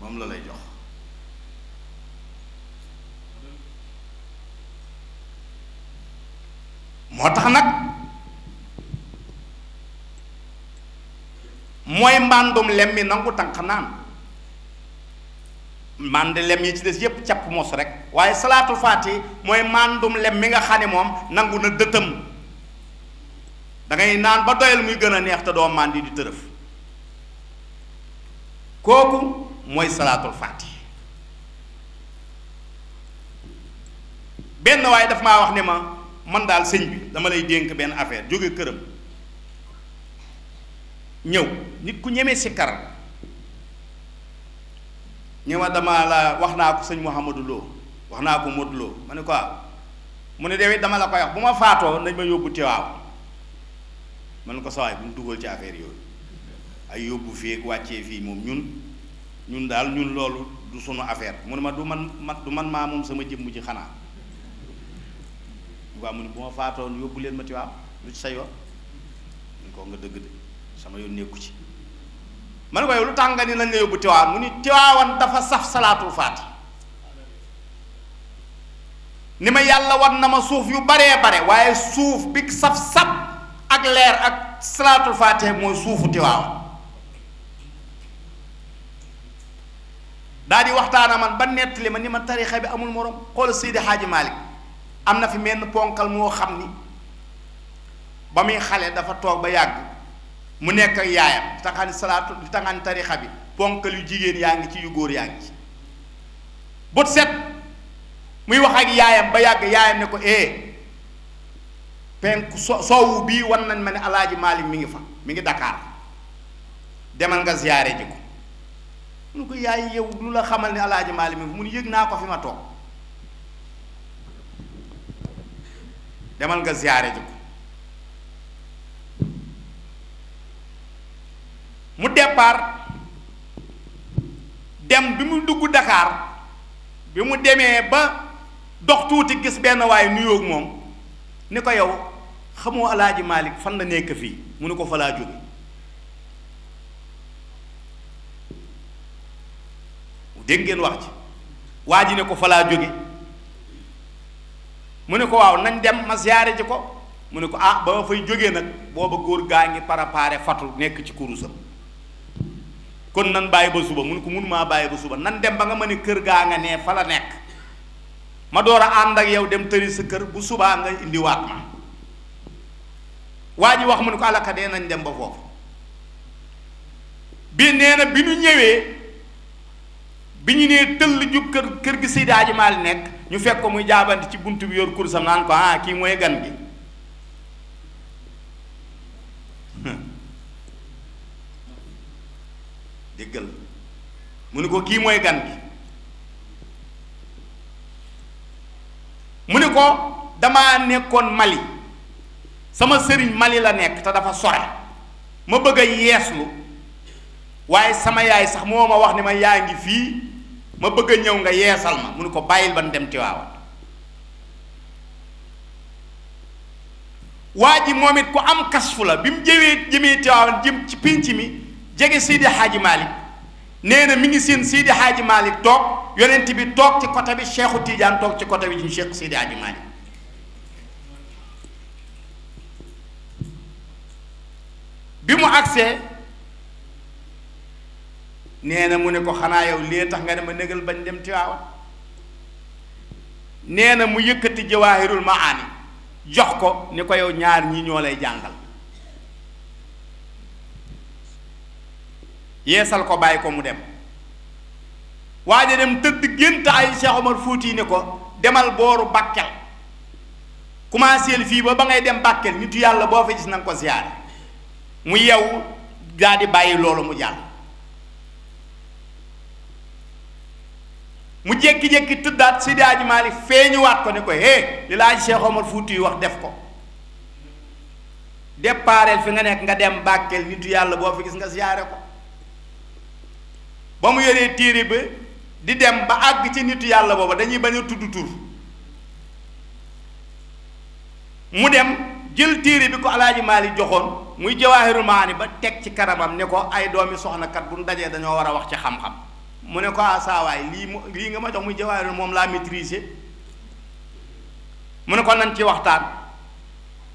moom la lay jox. moo tax nag. mooy mbàndum lem mi nangu tànq naan mànd lem yi ci des yépp capp mos rek waaye salaatul faati mooy màndum lem mi nga xam ne moom nangu na dëtëm da naan ba doyal muy gën a neex te doo màndi di tërëf kooku mooy salaatul faati benn waaye dafa maa wax ne ma man daal sëñ bi dama lay dénk benn affaire jóge këram ñew nit ku ci kar ñëwa dama la waxna ko sëñ Mouhamadou Lo waxna ko tamala Lo mané ne ko mu ne dama la koy wax buma faato nañ ma yobbu ci waaw man ko saway bu dusono ci affaire yoy ay yobbu fi ak wàccee fi mom ñun ñun dal ñun loolu du sunu affaire mune ma du man du man ma mom sama jëm ci xana wa mune buma faato len ma ci waaw lu ci sayo ko nga deug deug sama yoon nekku ci man way lu tangani lañ la yóbbu tiwaawan muni ni tiwaawan dafa saf salaatul faati ni ma yàlla wan na ma suuf yu bare bare waye suuf bi saf sap ak leer ak salaatul faati moy suufu tiwaawan daal di waxtaana man ba netli man ni ma tarixa bi amul morom xol Seydi haji Malik amna fi men ponkal mo xamni bamuy xale dafa tok ba yàgg mu nekk ak yaayam di salaatu di taxaan tarixa bi ponkal yu jigéen yaa ngi ci yu góor yaa ngi ci bët set muy wax ak yaayam ba yàgg yaayam ne ko eh penku so soowu bii wan nañ ma ne alaaji Maalik mi ngi fa mi ngi Dakar demal nga ziyaare ji ko mu ne ko yaay yow lu la xamal ne alaaji Maalik mi ngi fa mu ne yëg naa ko fi ma toog demal nga ziyaare ko mu départ dem bi mu dugg Dakar bi mu demee ba dox tuuti gis benn waay nuyoog moom ni ko yow xamoo alaaji Malick fan la nekk fii mu ne ko fa laa jóge dégg ngeen wax ci waa ji ne ko fa laa jóge mu ne ko waaw nañ dem masyaare ji ko mu ne ko ah ba ma fay jóge nag booba góor gaa ngi préparé fatu nekk ci kurusam kon nan bàyyi ba suba mun ko mun maa bàyyi ba suba nan dem ba nga ma ne kër gaa nga ne fa la nekk ma door a ànd ak yow dem tëri sa kër bu subaa nga indiwaat ma waa ji wax mu ne ko alaka dee nañ dem ba foofu bi nee na bi ñu ñëwee bi ñu nee tëll jub kër kër gi Seydi Hadji Malick nekk ñu fekk ko muy jaabante ci bunt bi yor kursam naan ko ah kii mooy gan gi déggal mu ne ko kii mooy gan gi mu ne ko damaa nekkoon Mali sama sëriñ Mali la nekk te dafa sore ma bëgg a yeeslu waaye sama yaay sax moo ma wax ni ma yaa ngi fii ma bëgg ñëw nga yeesal ma mu ne ko bàyyil ban dem Tiwaawan waa ji moom it ku am kasfu la bi mu jëwee jëmee Tiwaawan jëm ci pinc mi jege sidi haji malik neena mi ngi seen sidi haji malik tok yonent bi tok ci côté bi cheikhou Tidiane tok ci côté bi ci Cheikh sidi haji malik bi mu accé neena mu ne ko xana yow lii tax nga ne ma négal bañ dem Tiwaawan nee na mu yëkëti jawahirul maani jox ko ni ko yow ñaar ñi ñoo lay jàngal yeesal ko bàyyi ko mu dem waaja dem tëdd gént ay Cheikh Omar Fouti ne ko demal booru Bakel commencé fii ba ba ngay dem Bakel nitu yàlla boo fa gis na ko ziyaare mu yew daa di bàyyi loolu mu jàll mu jékki-jékki tëddaat Seydi Hadji Malick feeñuwaat ko ne ko hé li la Cheikh Omar Fouti yi wax def ko déparel fi nga nekk nga dem Bakel nitu yàlla boo fa gis nga ziyaare ko ba mu yoree téere ba di dem ba àgg ci nitu yàlla booba dañuy bañ a tudd tur mu dem jël téere bi ko alaaji maali joxoon muy jawaahirul maani ba teg ci kanamam ne ko ay doomi soxnakat bu ñu dajee dañoo war a wax ci xam-xam mu ne ko ah saawaay lii mu lii nga ma jox muy jawaahirul moom laa maîtriser mu ne ko nan ci waxtaan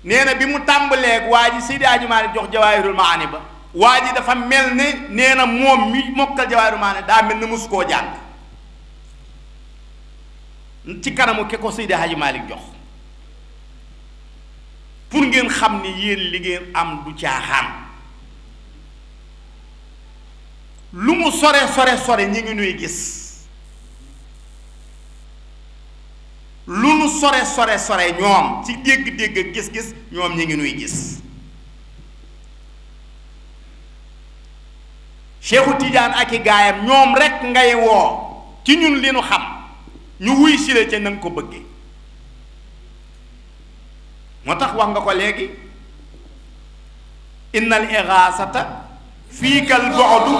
nee na bi mu tàmbaleeg waa ji Seydi Aji Maalik jox jawaahirul maani ba waa ji dafa mel ne nee na moom mi mokkal jawaaru maane daa mel ne mosu koo jàng ci kanamu ke ko Seydi Hadji jox pour ngeen xam ni yéen li ngeen am du caaxaan lu mu sore sore sore ñu ngi nuy gis lu nu sore sore sore ñoom ci dégg-dégg gis-gis ñoom ñu ngi nuy gis Cheikhu tiijaan ak i gaayam ñoom rekk ngay woo ci ñun li nu xam ñu wuy sile ca na ko bëggee moo tax wax nga ko léegi innal ixaasata fii kal bu'du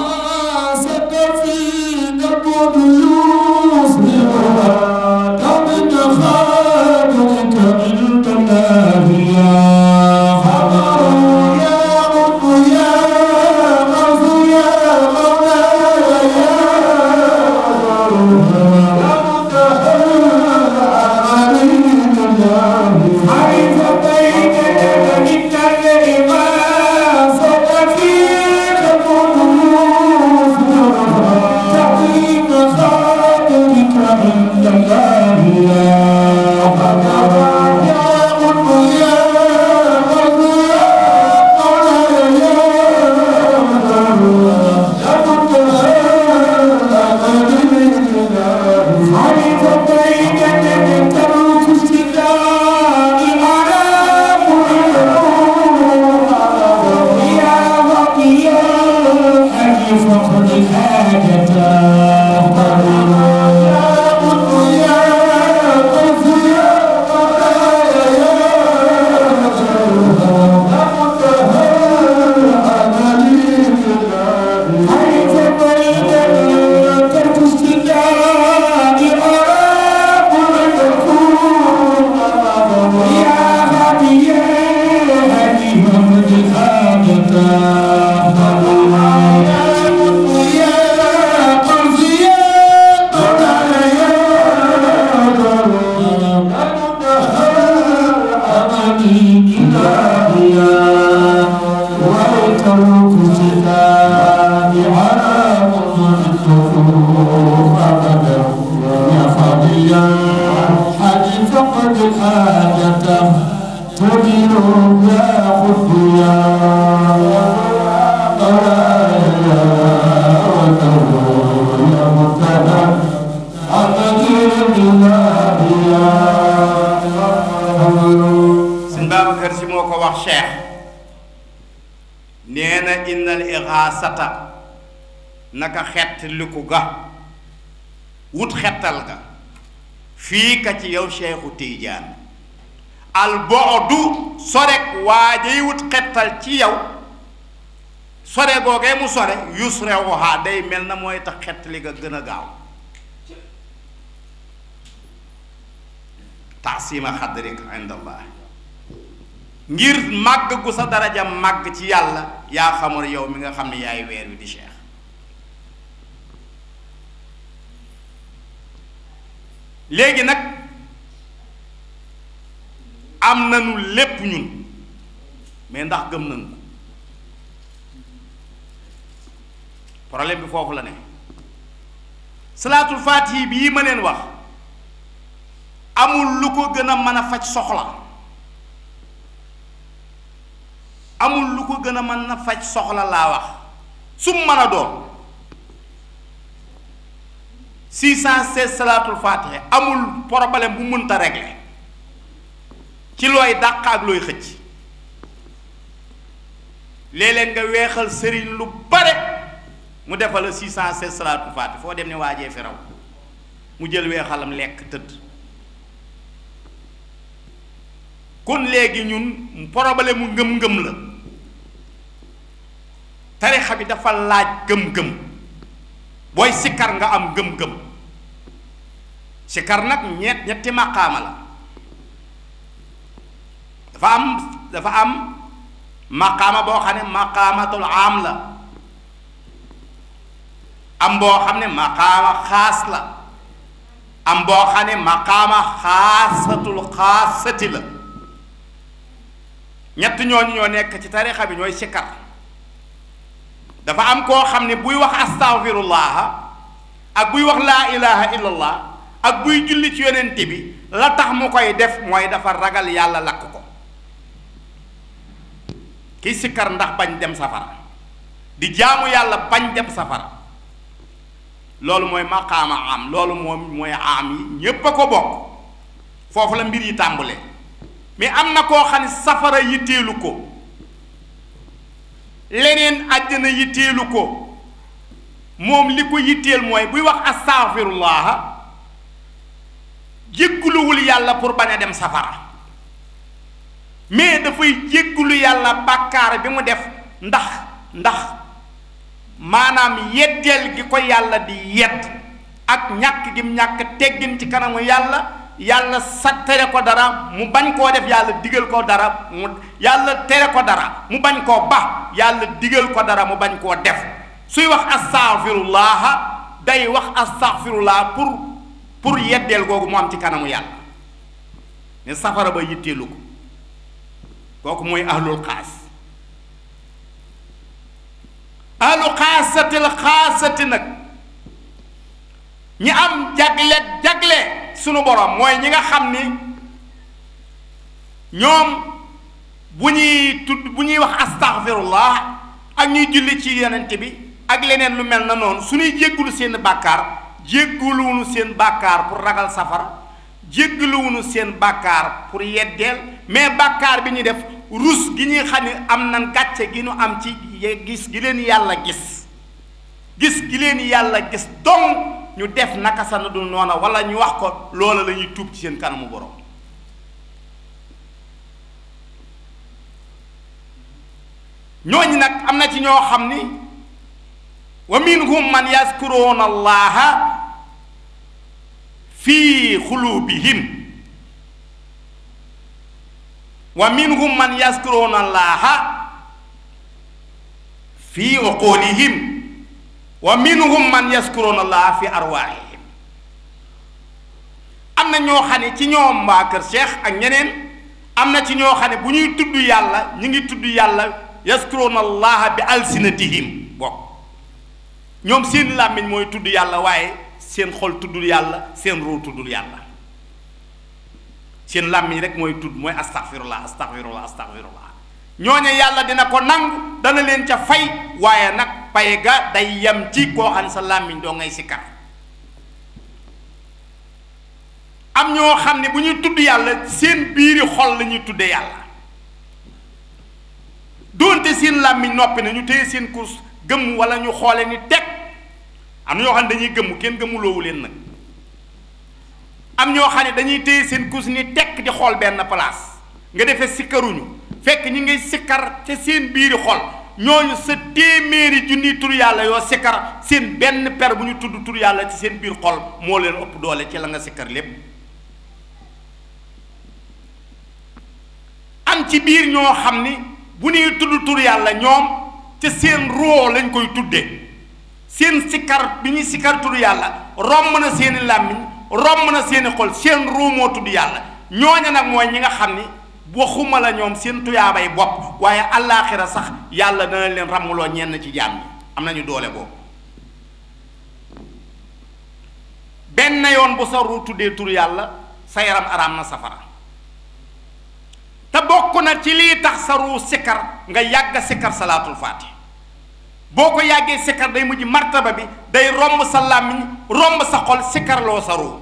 ixaasata naka xett liku ga wut xettal ga fii ka ci yow Seexu Tiijaan albodu sorek waajay wut xettal ci yow sore googee mu sore yusrewuhaa day mel na mooy tax xettali ga gën a gaaw taasima xadrik indallah ngir màgg gu sa daraja màgg ci yàlla yaa xamul yow mi nga xam ne yaay weer wi di cheikh léegi nag am nañu lépp ñun mais ndax gëm nañu ko problème bi foofu la ne salaatul faat bi yi ma leen wax amul lu ko gën a mën a faj soxla amul lu ko gën a mën na faj soxla laa wax su mu mën a doon 616 salaatul faatixe amul problème bu mënta régler ci looy dàq ak looy xëcc léeg nga weexal sëriñ lu bare mu defal la 616 salaatul faatixe foo dem ne waajee fi raw mu jël weexalam lekk tëdd kon léegi ñun problème mu ngëm-ngëm la tarixa bi dafa laaj gëm-gëm booy sikkar nga am gëm-gëm sikkar nag ñett ñetti maqaama la dafa am dafa am maqaama boo xam ne maqaamatul am la am boo xam ne maqaama xaas la am boo xam ne maqaama xaasatul xaasati la ñett ñooñu ñoo nekk ci tarixa bi ñooy sikkar dafa am koo xam ne buy wax astaghfirullah ak buy wax la ilaha illallah ak buy julli ci yonent bi la tax mu koy def mooy dafa ragal yàlla lakk ko ki sikkar ndax bañ dem safara di jaamu yàlla bañ dem safara loolu mooy maqaama am loolu moom mooy am yi ñépp ko bokk foofu la mbir yi tàmbulee mais am na koo xam ne safara yitteelu ko leneen àjjana yitteelu ko moom li ko yitteel mooy buy wax astaghfirullah jégguluwul yàlla pour bañ a dem safara mais dafay jéggulu yàlla bàkkaar bi mu def ndax ndax maanaam yeddeel gi ko yàlla di yedd ak ñàkk gi mu ñàkk teggin ci kanamu yàlla yàlla sa tere ko dara mu bañ koo def yàlla digal ko dara mu yàlla tere ko dara mu bañ koo ba yàlla digal ko dara mu bañ koo def suy wax astaghfirullah day wax astaghfirullah pour pour yeddeel googu mu am ci kanamu yàlla ne safara ba yitteelu ko kooku mooy ahlul xaas ahlu xaasatil xaasati nag ñi am jagleeg jagle sunu borom mooy ñi nga xam ni ñoom bu ñuy tudd bu ñuy wax astaghfirullah ak ñuy julli ci yonent bi ak leneen lu mel na noonu suñuy jéggulu seen bàkkaar jégguluwunu seen bàkkaar pour ragal safar jégguluwunu seen bàkkaar pour yeddeel mais bàkkaar bi ñu def rus gi ñuy xam ne am na gàcce gi ñu am ci gis gi leen yàlla gis gis gi leen yàlla gis donc ñu def naka sa dul noona wala ñu wax ko loola la ñuy tuub ci seen kanamu borom ñooñu nag am na ci ñoo xam ni wa minhum man yazkuruuna allaha fi xulubihim wa minhum man yazkuruuna allaha fi uqulihim wa minhum man yaskuruna allah fi arwaahihim am na ñoo xam ne ci ñoom waa kër Cheikh ak ñeneen am na ci ñoo xam ne bu ñuy tudd yàlla ñu ngi tudd yàlla yaskuruna allaha bi alsinatihim bokk ñoom seen làmmiñ mooy tudd yàlla waaye seen xol tuddul yàlla seen ruu tuddul yàlla seen làmmiñ rek mooy tudd mooy astaghfirullah astaghfirullah astaghfirullah ñooñu yàlla dina ko nangu dana leen ca fay waaye nag pay ga day yem ci koo xam sa làmmiñ doo ngay sikkar am ñoo xam ne bu ñuy tudd yàlla seen biiri xol la tuddee tudde yàlla doonte seen làmmiñ noppi na ñu téye seen course gëmm wala ñu xoole ni teg am na ñoo xam ne dañuy gëmm kenn gëmmuloowu leen nag am ñoo xam ne dañuy téye seen course ni tekk di xool benn place nga defee sikkaruñu fekk ñi ngay sikkar ca seen biiri xol ñooñu sa téeméeri junni tur yàlla yoo sikkar seen benn per bu ñu tudd tur yàlla ci seen biir xol moo leen ëpp doole ci la nga sikkar lépp am ci biir ñoo xam ni bu ñuy tudd tur yàlla ñoom te seen roo lañ koy tudde seen sikkar bi ñuy sikkar tur yàlla romb na seeni làmmiñ romb na seeni xol seen roo moo tudd yàlla ñooña nag mooy ñi nga xam ni waxuma la ñoom seen tuyaabay bopp waaye allaaxira sax yàlla dana leen ramuloo ñenn ci jaam ñi am nañu doole boobu benn yoon bu sa ruu tuddee tur yàlla sa yaram araam na safara te bokk na ci lii tax sa ruu sikkar nga yàgg sikkar salaatul faati boo ko yàggee sikkar day mujj martaba bi day romb sa làmmiñ romb sa xol sikkarloo sa ruu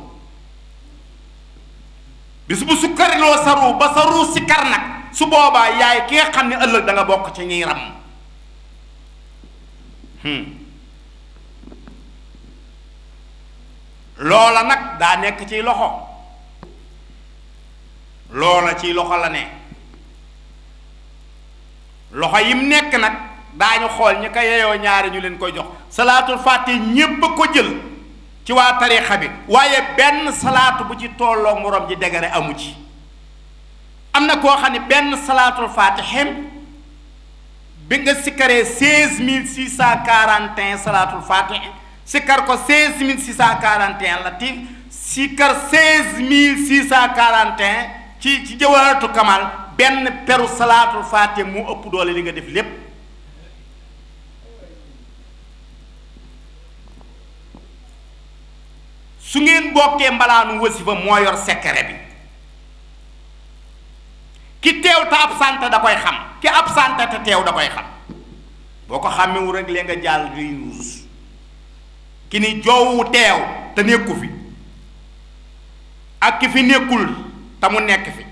bis bu sukkariloo sa ruu ba sa ruu si kar nag su boobaa yaay ki nga xam ne ëllëg danga bokk ci ñuy ram hmm. loola nag daa nekk ciy loxo loola ciy loxo la ne loxo yim nekk nag daañu xool ñu ko yeyoo ñaari ñu leen koy jox salaatul fàtte ñépp a ko jël ci waa tariixa bi waaye benn salaatu bu ci tolloo morom ji degare amu ci am na koo xam ne benn salaatul faatixim bi nga sikkaree seize mille six cent quarante et un salaatul faatix sikkar ko seize mille six cent quarante et sikkar seize mille six cent quarante ci ci jëwaratu kamal benn peru salaatul faatix mu ëpp doole li nga def lépp su ngeen bokkee mbalaanu wasifa moo yor secret bi ki teew te absente da koy xam ki absente te teew da koy xam boo ko xàmmewu rek lee nga jàll di ruus ki ni joowu teew te nekku fi ak ki fi nekkul te mu nekk fi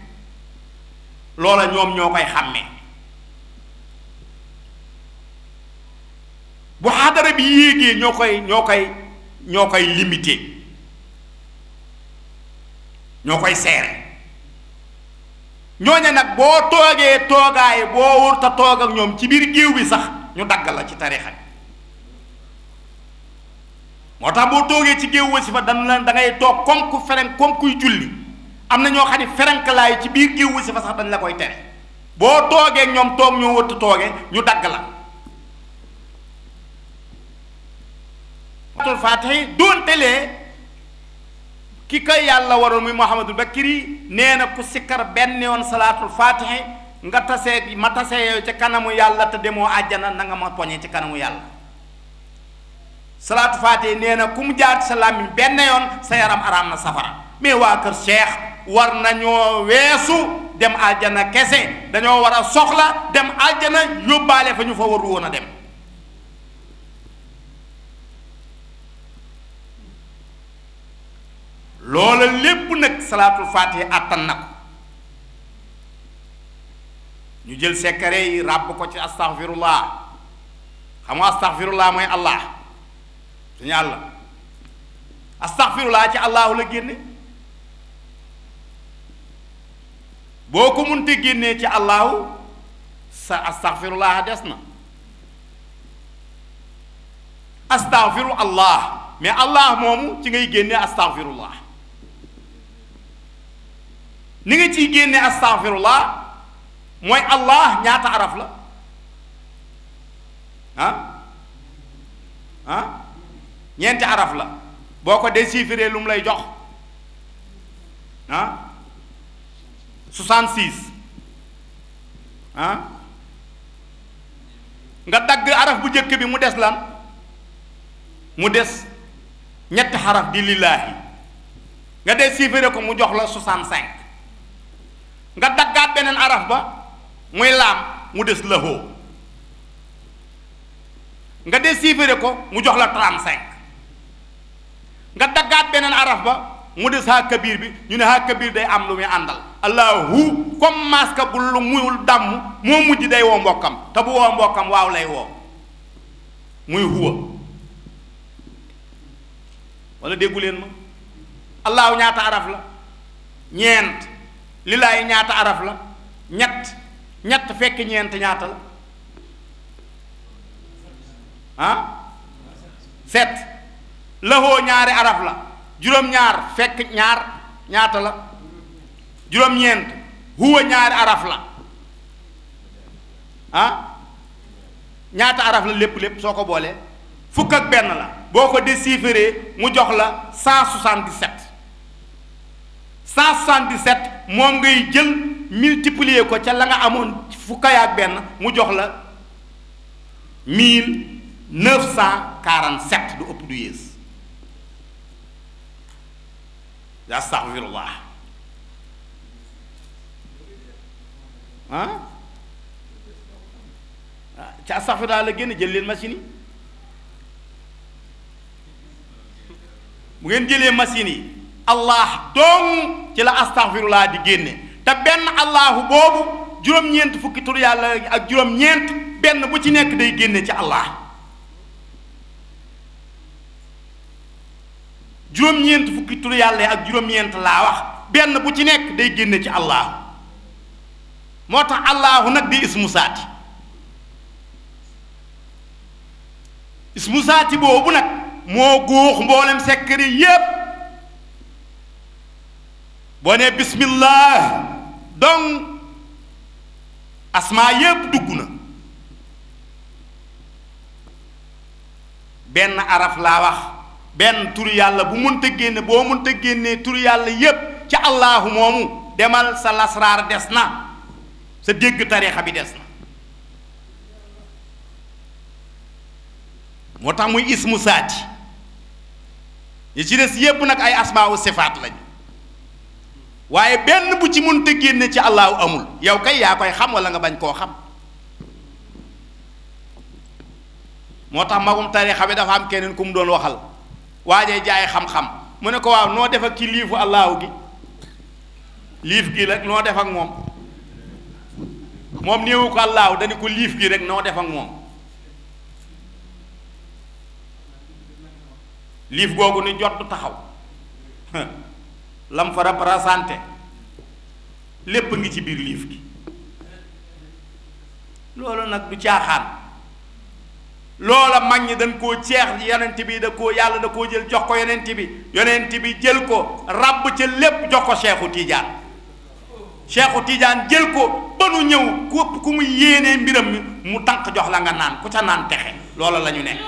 loola ñoom ñoo koy xàmmee bu xaadara bi yéegee ñoo koy ñoo koy ñoo koy limité ñoo koy seere ñooña nag boo toogee toogaay boo wër toog ak ñoom ci biir géew bi sax ñu dagg la ci tarixa moo tax boo toogee ci géew wasifa dañu la da ngay toog comme ku feren comme kuy julli am na ñoo xam ne ferenkalaayu ci biir géew wasifa sax dañ la koy tere boo toogee ñoom toog ñoo wëtt tooge ñu dagg la atul faatiha doonte lee ki koy yàlla waroon muy Mouhamadul Bakiri nee na ku sikkar benn yoon salaatul faatihi nga tasee ma tasee yow ca kanamu yàlla te demoo àjjana na nga ma poñe ci kanamu yàlla salaatul faatihi nee na ku mu jaar sa làmmiñ benn yoon sa yaram araam na safara mais waa kër Cheikh war nañoo weesu dem àjjana kese dañoo war a soxla dem àjjana yóbbaale fa ñu fa waru woon a dem loola lépp nag salaatul faatiha àttan na ko ñu jël sekkare yi ràbb ko ci astaghfirullah xam nga astaghfirullah mooy allah suñu àlla astaghfirullah ci allahu la génne boo ko munte génnee ci allahu sa astaghfirullah des na astaghfiru allah mais allah moomu ci ngay génne astaghfirullah li nga ciy génne astaghfirullah mooy allah ñaata araf la ah ah ñeenti araf la boo ko déchiffré lu mu lay jox ah 66 ah nga dagg araf bu jëkk bi mu des lan mu des ñetti xaraf di lillahi nga déchiffré ko mu jox la 65 nga daggaat beneen araf ba muy laam mu des lahoo nga déchiffré ko mu jox la 35 nga daggaat beneen araf ba mu des haa kabir bi ñu ne haa kabir day am lu muy àndal allahu comme maska bu lu muyul dàmm moo mujj day woo mbokkam te bu woo mbokkam waaw lay woo muy huwa wala déggu leen ma allahu ñaata araf la ñeent lilaay ñaata araf la ñett ñett fekk ñeent ñaata la ah set lahoo ñaari araf la juróom-ñaar fekk ñaar ñaata la juróom-ñeent huwa ñaari araf la ah ñaata araf la lépp lépp soo ko boolee fukk ak benn la boo ko déchiffré mu jox la 177 177 moom ngay jël multiplier ko ca la nga amoon fukk ak benn mu jox la mille neuf cent quarante sept du ëpp du yées astaghfirullah ah ca astaghfirullah la génn jël leen machine yi bu ngeen jëlee machine yi allah dong ci la astaghfirullah di génne te benn allahu boobu juróom-ñeent fukki tur yàlla ak juróom benn bu ci nekk day génne ci allah juróom ak juróom-ñeent laa wax benn bu ci nekk day génne ci allahu moo tax allahu nag di ismu saati ismu saati boobu nag moo góox mboolem sekkari yépp boo nee bismillah donc asmaa yépp dugg na benn araf laa wax benn tur yàlla bu mënta génne boo mënta génnee tur yàlla yépp ci allahu moomu demal sa lasraar des na sa dégg tariixa bi des na moo tax muy ismu saati yi ci des yépp nag ay asmaa u sifaat lañu waaye benn bu ci mënta génne ci allahu amul yow kay yaa koy xam wala nga bañ koo xam moo tax magum xam bi dafa am keneen ku mu doon waxal waajee jaay xam-xam mu ne ko waaw noo def ak ki liifu allahu gi liif gi rek noo def ak moom moom néewu ko allahu ko liif gi rek noo def ak moom liif googu ni jot du taxaw lam fa représenté lépp ngi ci biir livre gi loolu nag du caaxaan loola mag ñi dañ koo ceex yonent bi da koo yàlla da koo jël jox ko yonent bi yonent bi jël ko ràbb ca lépp jox ko Seexu Tiijaan Seexu Tiijaan jël ko ba nu ñëw ku ku muy yéene mbiram mi mu tànq jox la nga naan ku ca naan texe loola la ñu nekk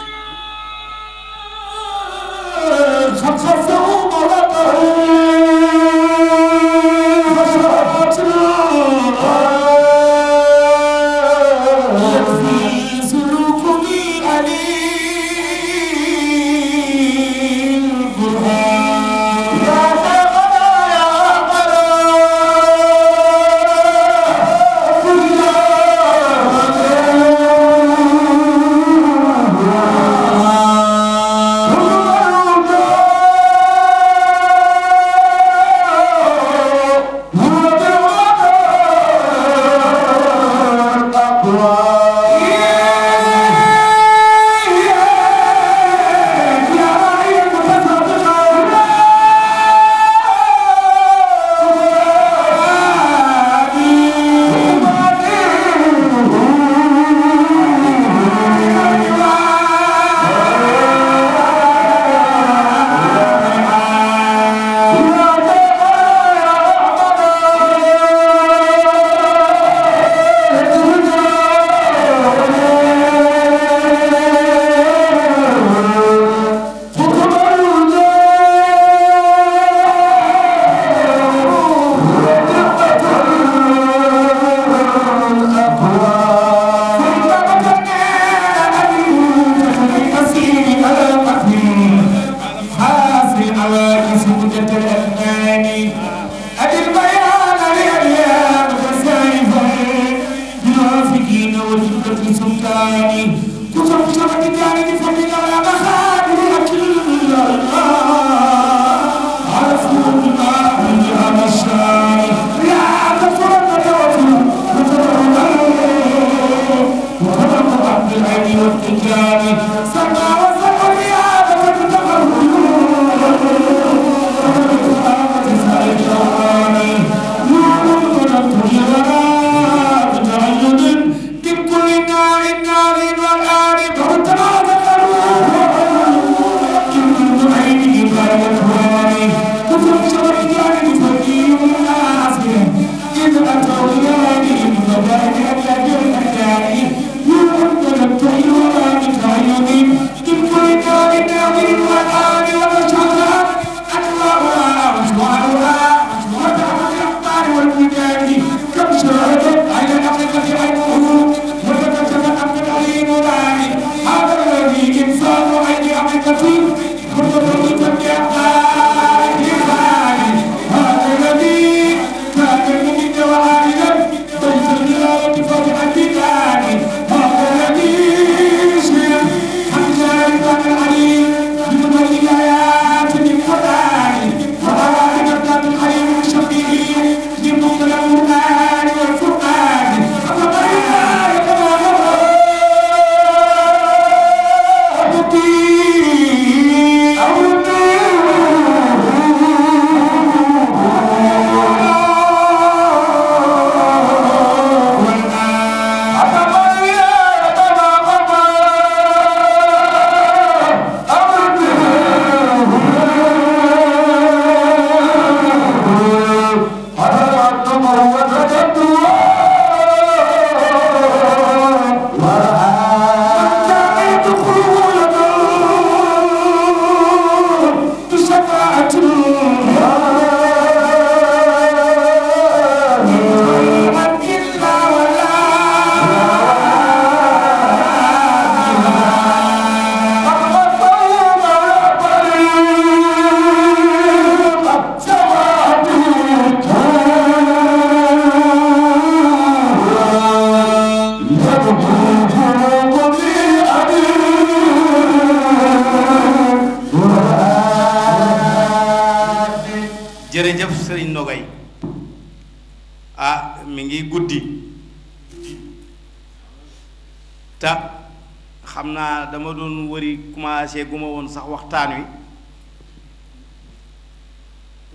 commencé gu woon sax waxtaan wi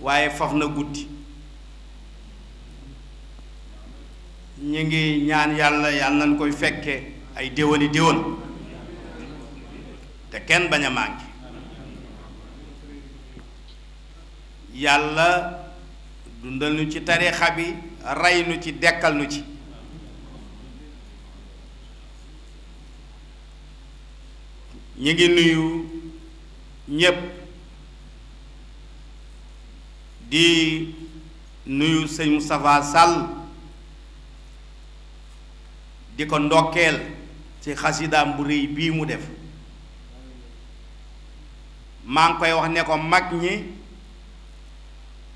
waaye faf na guddi ñu ngi ñaan yàlla yàlla nañ koy fekke ay déwani déwan te kenn bañ a yàlla dundal nu ci tariixa bi rey nu ci dekkal nu ci ñi ngi nuyu ñépp di nuyu sëñ Moustapha Sall di ko ndokkeel ci xasidaam bu rëy bii mu def maa ngi koy wax ne ko mag ñi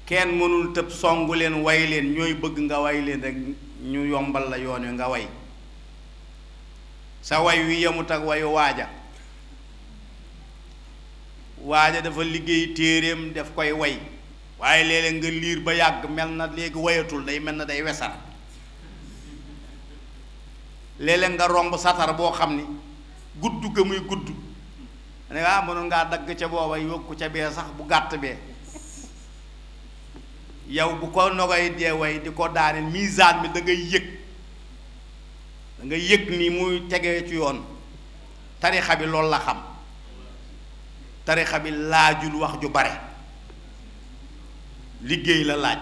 kenn mënul tëb songu leen way leen ñooy bëgg nga way leen rek ñu yombal la yoon nga way sa way wi ak wayu waaja dafa liggéey téeréem daf koy woy waaye léeg nga liir ba yàgg mel na léegi woyatul day mel na day wesar léeg nga romb satar boo xam ni gudd ga muy gudd ne ah mënoon ngaa dagg ca booba yokku ca bee sax bu gàtt bee yow bu ko nogoy dee way di ko daaneel misaan mi da ngay yëg da ngay yëg ni muy tegee ci yoon tarixa bi loolu la xam tarixa bi lajul wax ju bare liggey la laaj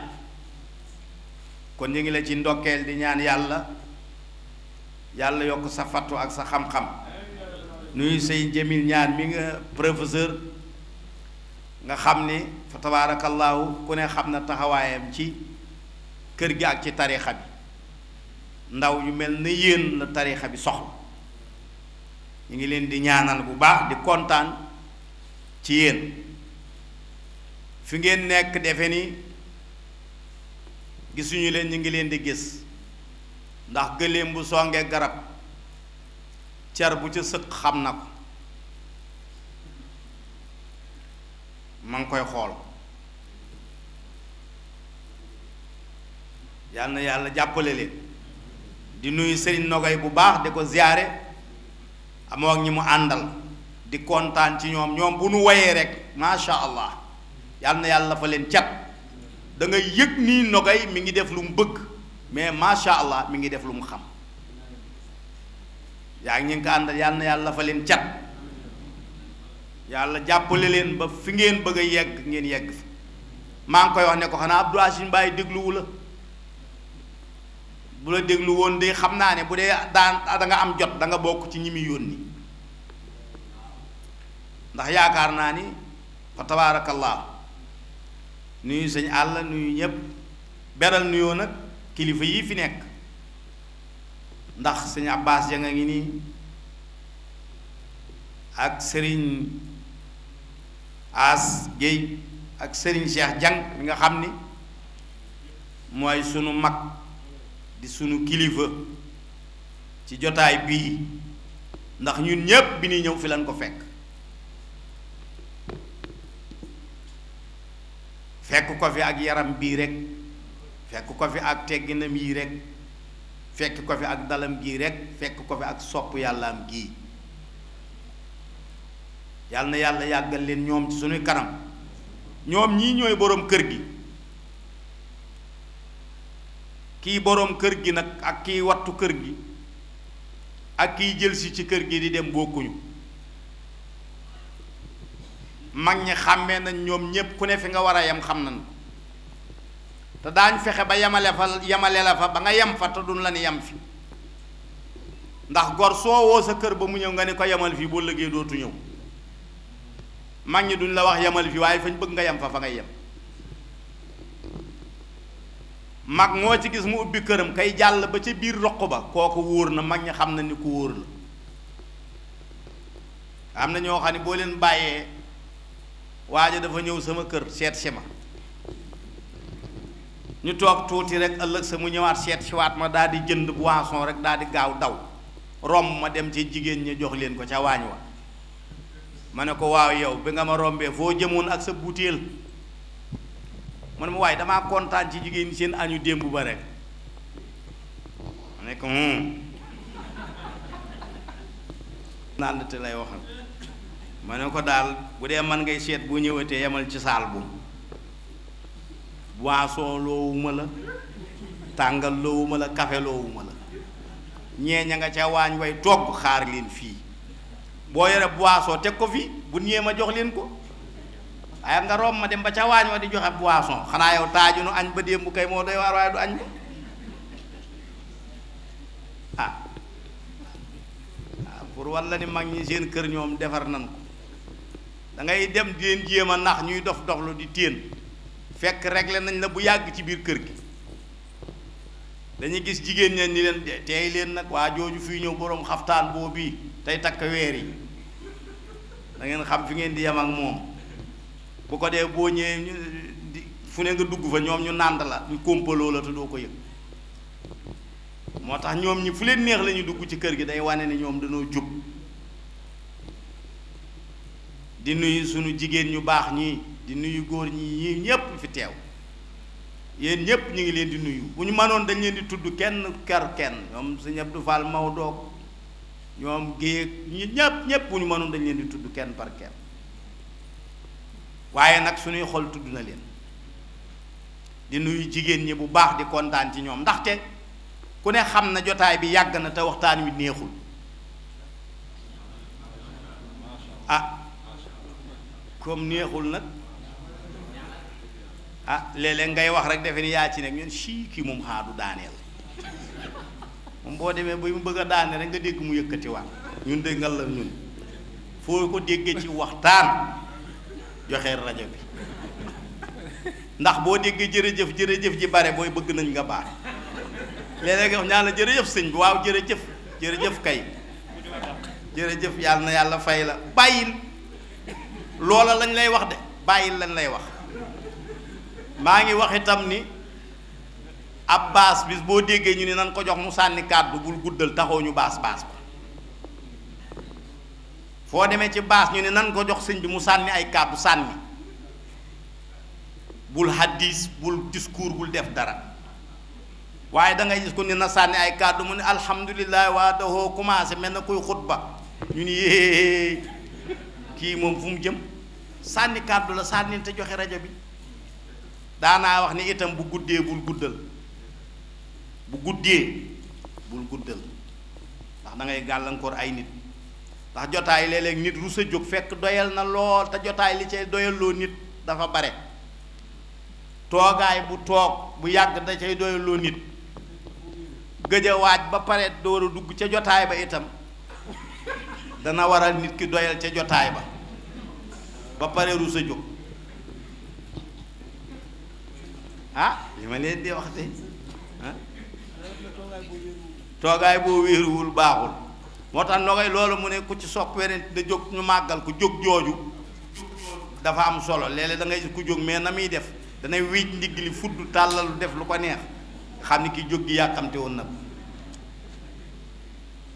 kon ñi ngi la ci ndokkeel di ñaan yalla yalla yok sa fatu ak sa xam-xam nuyu sey jemil ñaan mi nga professeur nga xam ni fa tabarakallah ku ne xam na taxawaayam ci kër gi ak ci tarixa bi ndaw yu mel na la bi soxla ñi ngi leen di ñaanal bu baax di contane ci yéen fi ngeen nekk defe ni gisuñu leen ñu ngi leen di gis ndax gëléem bu songee garab car bu ca sëq xam na ko ma ngi koy xool yàlla na yàlla jàppale leen di nuyu sëriñ Nogay bu baax di ko ziyaare amoo ñi mu àndal di kontan ci ñom ñom bu nu wayee rek sha allah yalla na yalla fa leen cat da nga yek ni nogay mi ngi def lu mu bëgg mais sha allah mi ngi def lu mu xam yaa ngi ko andal yalla na yalla fa leen cat yalla jappale leen ba fi ngeen bëgg yegg ngeen yegg ma ngi koy wax ne ko xana Abdou Aziz deglu wu la bu la deglu won de xam ne bu dee da nga am jot da nga bok ci ñimi yoni ndax yaakaar naa ni fa tabaarakallaahu nuyu sëñ Allah, nuyu ñëpp beral nuyoo nag kilifa yi fi nekk ndax sëñ Abbas ja nga ngi nii ak sëriñ As Guèye ak sëriñ Cheikh Jang mi nga xam ni mooy sunu mag di sunu kilifa ci jotaay bii ndax ñun ñépp bi ñuy ñëw fi lan ko fekk fekk ko fi ak yaram bii rek fekk ko fi ak tegginam yii rek fekk ko fi ak dalam gii rek fekk ko fi ak sopp yàllaam gii yàlla na yàlla yàggal leen ñoom ci suñuy kanam ñoom ñii ñooy boroom kër gi kii boroom kër gi nag ak kiy wattu kër gi ak kiy jëlsi ci kër gi di dem bokkuñu mag ñi xàmmee nañ ñoom ñépp ku ne fi nga war a yem xam nañ te daañ fexe ba yemale fa yemale la fa ba nga yem fa te duñ la ni yem fi ndax gor soowoo sa kër ba mu ñëw nga ne ko yamal fii boo lëggee dootu ñëw mag ñi duñ la wax yemal fii waaye fañ bëgg nga yem fa fa ngay yem mag moo ci gis mu ubbi këram kay jàll ba ca biir roq ba kooku wóor na mag ñi xam na ni ku wóor la am na ñoo xam ne boo leen bàyyee waji dafa ñew sama kër sét si ma ñu tok tuti rek ëlëk sama ñëwaat sét ci waat ma daal di jënd boisson rek daal di gaaw daw rom ma dem ci jigéen ñi jox leen ko ci waañ wa mané ko waaw yow bi nga ma rombé fo jëmoon ak sa man mu way dama waaye ci jigéen seen añu dembu ba rek mané ko hmm. te lay waxal ma ne ko daal bu dee man ngay seet bu ñëwatee yemal ci saal bu boisson loowuma la tàngal loowuma la café loowuma la ñee ña nga ca waañ way togg xaar leen fii boo yore boisson teg ko fii bu ñëwee ma jox leen ko waaye nga ma dem ba ca waañ wa di joxe boisson xanaa yow taaju nu añ moo doy waar waaye du añ ba ah, ah pour walla ni mag ñi seen kër ñoom defar nan da ngay dem di leen jéem nyu nax ñuy dof lu di teen fekk réglé nañ la bu yagg ci biir kër gi dañuy gis jigéen ñen ni leen teey leen nak wa joju fi ñew borom xaftaan bo bi tay tak wër yi da ngeen xam fi ngeen di yam ak mom bu ko dee bo ñëwee ñu fu ne nga dugg fa ñom ñu nand la ñu kompolo la te ko yëg motax ñom ñi fu leen neex lañu dugg ci kër gi day wane ni ñom jup di nuyu sunu jigéen ñu baax ñii di nuyu góor ñi ñi ñépp fi teew yéen ñépp ñu ngi leen di nuyu bu ñu mënoon dañ leen di tudd kenn ker kenn ñoom sëñ Abdou Fall Maodo ñoom géeg ñi ñépp ñépp bu ñu mënoon dañ leen di tudd kenn par kenn waaye nag suñuy xol tudd na leen di nuyu jigéen ñi bu baax di kontaan ci ñoom ndaxte ku ne xam na jotaay bi yàgg na te waxtaan wi neexul ah, comme neexul nag ah léeg ngay wax rek defe ni yaa ci nekk ñun sii kii moom xaadu daaneel moom boo demee ba mu bëgg a daane rek nga dégg mu yëkkatiwaat ñun de ngal la ñun foo ko déggee ci waxtaan joxe rajo bi ndax boo déggee jërëjëf jërëjëf ji bare booy bëgg nañ nga baax léeg-léeg nga wax ñaan la sëñ bi waaw jërëjëf jërëjëf kay jërëjëf yàlla na yàlla fay la bàyyil loola lañ lay wax de bàyyil lañ lay wax maa ngi wax itam ni ab baas bis boo déggee ñu ne nan ko jox mu sànni kàddu bul guddal taxoo ñu baas baas ba foo demee ci baas ñu ne nan ko jox sëñ bi mu sànni ay kàddu sànni bul hadis bul discours bul def dara waaye da ngay gis ko ni na sànni ay kàddu mu ne alhamdulilah waa dahoo commencé mel na kuy xutba ñu ni yéey kii moom fu mu jëm sànni kàddu la sànni te joxe rajo bi daanaa wax ni itam bu guddee bul guddal bu guddee bul guddal ndax da ngay gàllankoor ay nit ndax jotaay léeg nit rus sa jóg fekk doyal na lool te jotaay li cay doyaloo nit dafa bare toogaay bu toog bu yàgg da cay doyaloo nit gëj waaj ba pare door a dugg ca jotaay ba itam dana waral nit ki doyal ca jotaay ba ba pare rus a jóg ah li ma leen di wax de ah. toogaay boo wéeruwul baaxul moo tax nogay loolu mu ne ku ci sopp werante da jóg ñu màggal ku jóg jooju dafa am solo léeg-léeg da ngay ku jóg mais na muy def danay wiic ndigg li fudd tàllalu def lu ko neex xam ni ki jóg gi yàkkamte woon na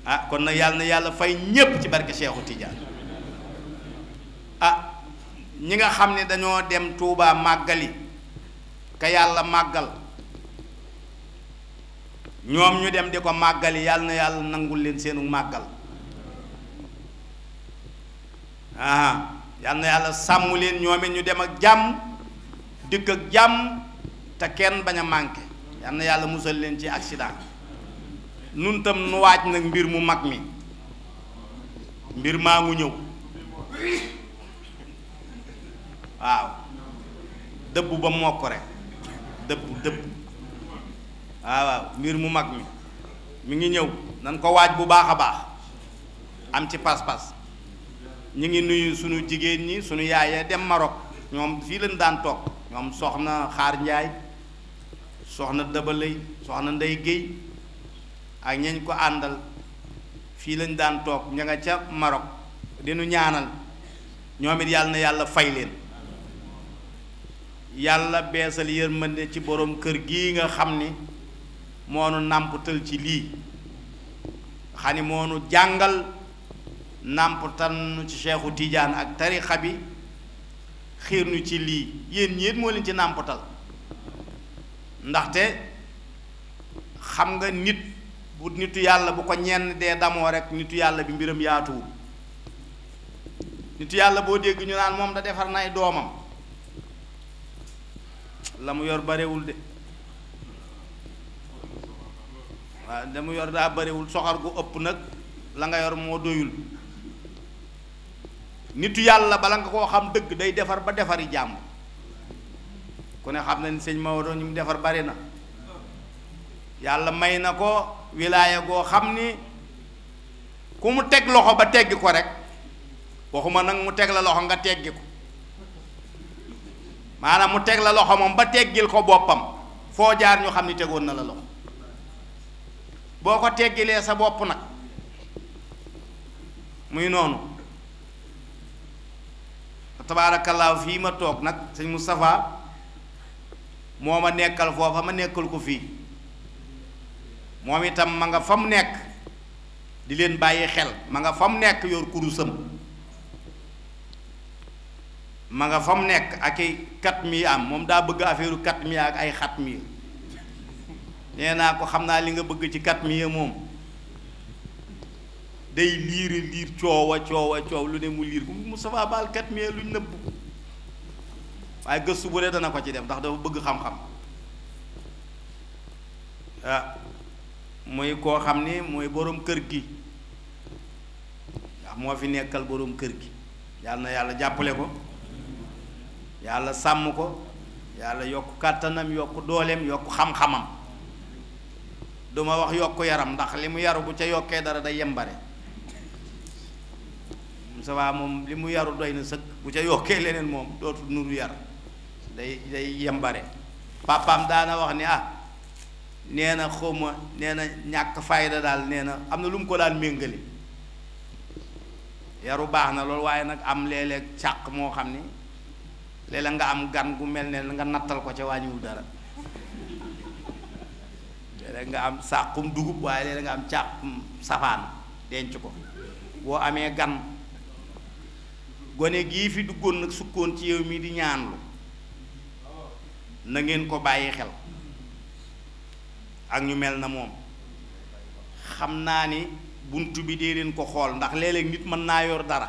ah kon na yalla na yalla fay ñepp ci barke cheikhou tidiane ah ñi nga xamne dañoo dem Touba magali ka yalla magal ñom ñu dem di magali yalla na yalla nangul leen seenu magal ah yalla na yalla sammu leen ñoom ñu dem ak jam dikk ak jam ta kenn baña a yalla na yalla musal leen ci accident. nun tam nu waaj nag mbir mu mag mi mbir maa ngu ñëw waaw dëbb ba mokk rek dëbb dëbb waaw waaw mbir mu mag mi mu ngi ñëw nan ko waaj bu baax a baax am ci pas-pas ñu ngi nuyu sunu jigéen ñi sunu yaayee dem Maroc ñoom fii lañ daan toog ñoom soxna Xaar Njaay soxna Dabalay soxna Ndey Géey ak ñañ ko àndal fii lañ daan toog ña nga ca Maroc dinu ñaanal ñoom it yàlla na yàlla fay leen yàlla beesal yërmande ci boroom kër gi nga xam ni moonu nàmpatal ci lii xani ni moonu jàngal nàmpatal nu ci Seexu Tiijaan ak tarixabi bi xiir nu ci lii yéen ñéet moo leen ci nàmpatal ndaxte xam nga nit bu nitu yàlla bu ko ñenn dee damoo rek nitu yàlla bi mbiram yaatuwul nitu boo dégg ñu naan moom da defar nay doomam la mu yor barewul de waaw la yor daa barewul soxor gu ëpp nag la nga yor moo doyul nitu yàlla bala nga koo xam dëgg day defar ba defari jàmm ku ne xam na ni sëñ Maodo ñu mu defar bari na yàlla may na ko wilaaya goo xam ni ku mu teg loxo ba teggi ko rek waxuma nag mu teg la loxo nga teggi ko maanaam mu teg la loxo moom ba teggil ko boppam foo jaar ñu xam ni tegoon na la loxo boo ko teggilee sa bopp nag muy noonu tabaarakallaahu fii ma toog nag sañ mu Moustapha moo ma nekkal foofa ma nekkal ko fii moom itam ma nga fam nek di len baye xel ma nga fam nek yor kurusam ma nga fam nek ak kat mi am mom da bëgg affaireu kat mi ak ay xat mi neena ko xamna li nga bëgg ci kat mi ya mom day lire lire ciowa ciowa ciow lu ne mu lire mu Moustapha bal kat mi ya lu neub way geussu bu re dana ko ci dem ndax dafa bëgg xam-xam ah. muy koo xam ne mooy boroom kër gi ndax moo fi nekkal boroom kër gi yàlla na yàlla jàppale ko yàlla sàmm ko yàlla yokk kàttanam yokk dooleem yokk xam-xamam duma wax yokk yaram ndax li mu yaru bu ca yokkee dara day yembare Moussa Ba moom li mu yaru doy na sëkk bu ca yokkee leneen moom dootul nuru yar day day yembare papaam daana wax ni ah nee na xawma nee na ñàkk fayda daal nee na am na lu mu ko daan méngale yaru baax na loolu waaye nag am léeg-léeg moo xam ni léeg nga am gan gu mel ne nga nattal ko ca wàññiwul dara léeg nga am sàqum dugub waaye léeg nga am càqum safaan denc ko boo amee gan gone gii fi duggoon nag sukkoon ci yow mii di ñaan na ngeen ko bàyyi xel ak ñu mel na moom xam naa ni bunt bi dee leen ko xool ndax léeg nit mën naa yor dara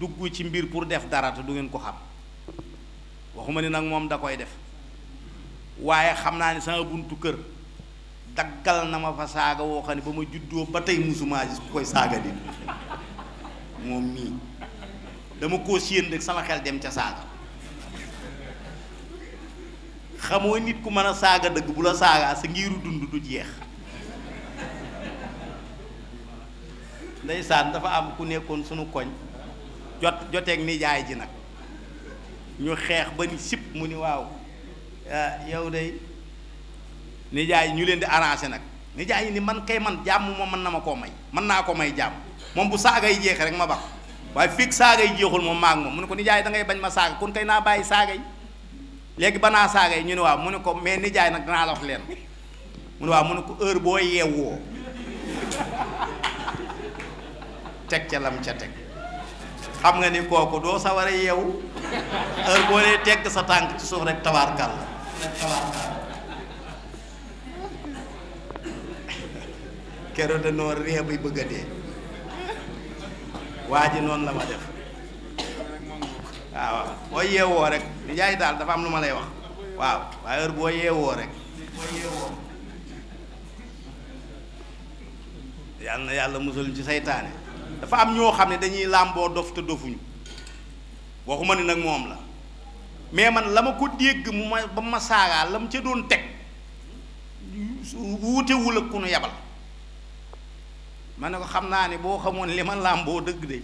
dugg ci mbir pour def dara te du ngeen ko xam waxuma ni nag moom da koy def waaye xam naa ni sama buntu kër daggal na ma fa saaga woo xam ne ba ma juddoo ba tey musuma gis ku koy saaga di moom mii dama koo séen rek sama xel dem ca saaga xamoo nit ku mën a saaga dëgg bu la saagaa sa ngiru dund du jeex ndeysaan dafa am ku nekkoon sunu koñ jot joteeg nijaay ji nag ñu xeex ba ni sip mu ni waaw ah, yow de nijaay ñu leen di arrangé nag nijaay yi ni man kay man jàmm moom man na ma koo may mën naa ko may jàmm moom bu saagay jeex rek ma bax waaye fig saagay jeexul moom maag moom mu ne ko nijaay da bañ ma saaga kon kay naa bàyyi yi léegi banaa saaga yi ñu ne waaw mu ne ko mais nijaay nag danaa la leen mu ne waaw mu ne ko heure boo yeewoo teg ca lam ca teg xam nga ni kooku doo sawar a yeewu heure boo dee teg sa tànk ci suuf rek tabaarkal la kero danoo ree bay bëgg a dee waa ji noonu la ma def waaw boo yeewoo rek li jaay daal dafa am lu ma lay wax waaw waaye heure boo yeewoo rek boo yàlla na yàlla musal ci seytaane dafa am ñoo xam ne dañuy làmboo dof te dofuñu waxuma ni nag moom la mais man la ma ko dégg mu ma ba ma saagaal la mu ca doon teg wuutewul ak ku nu yabal ma ne ko xam naa ne boo xamoon li ma làmboo dëgg de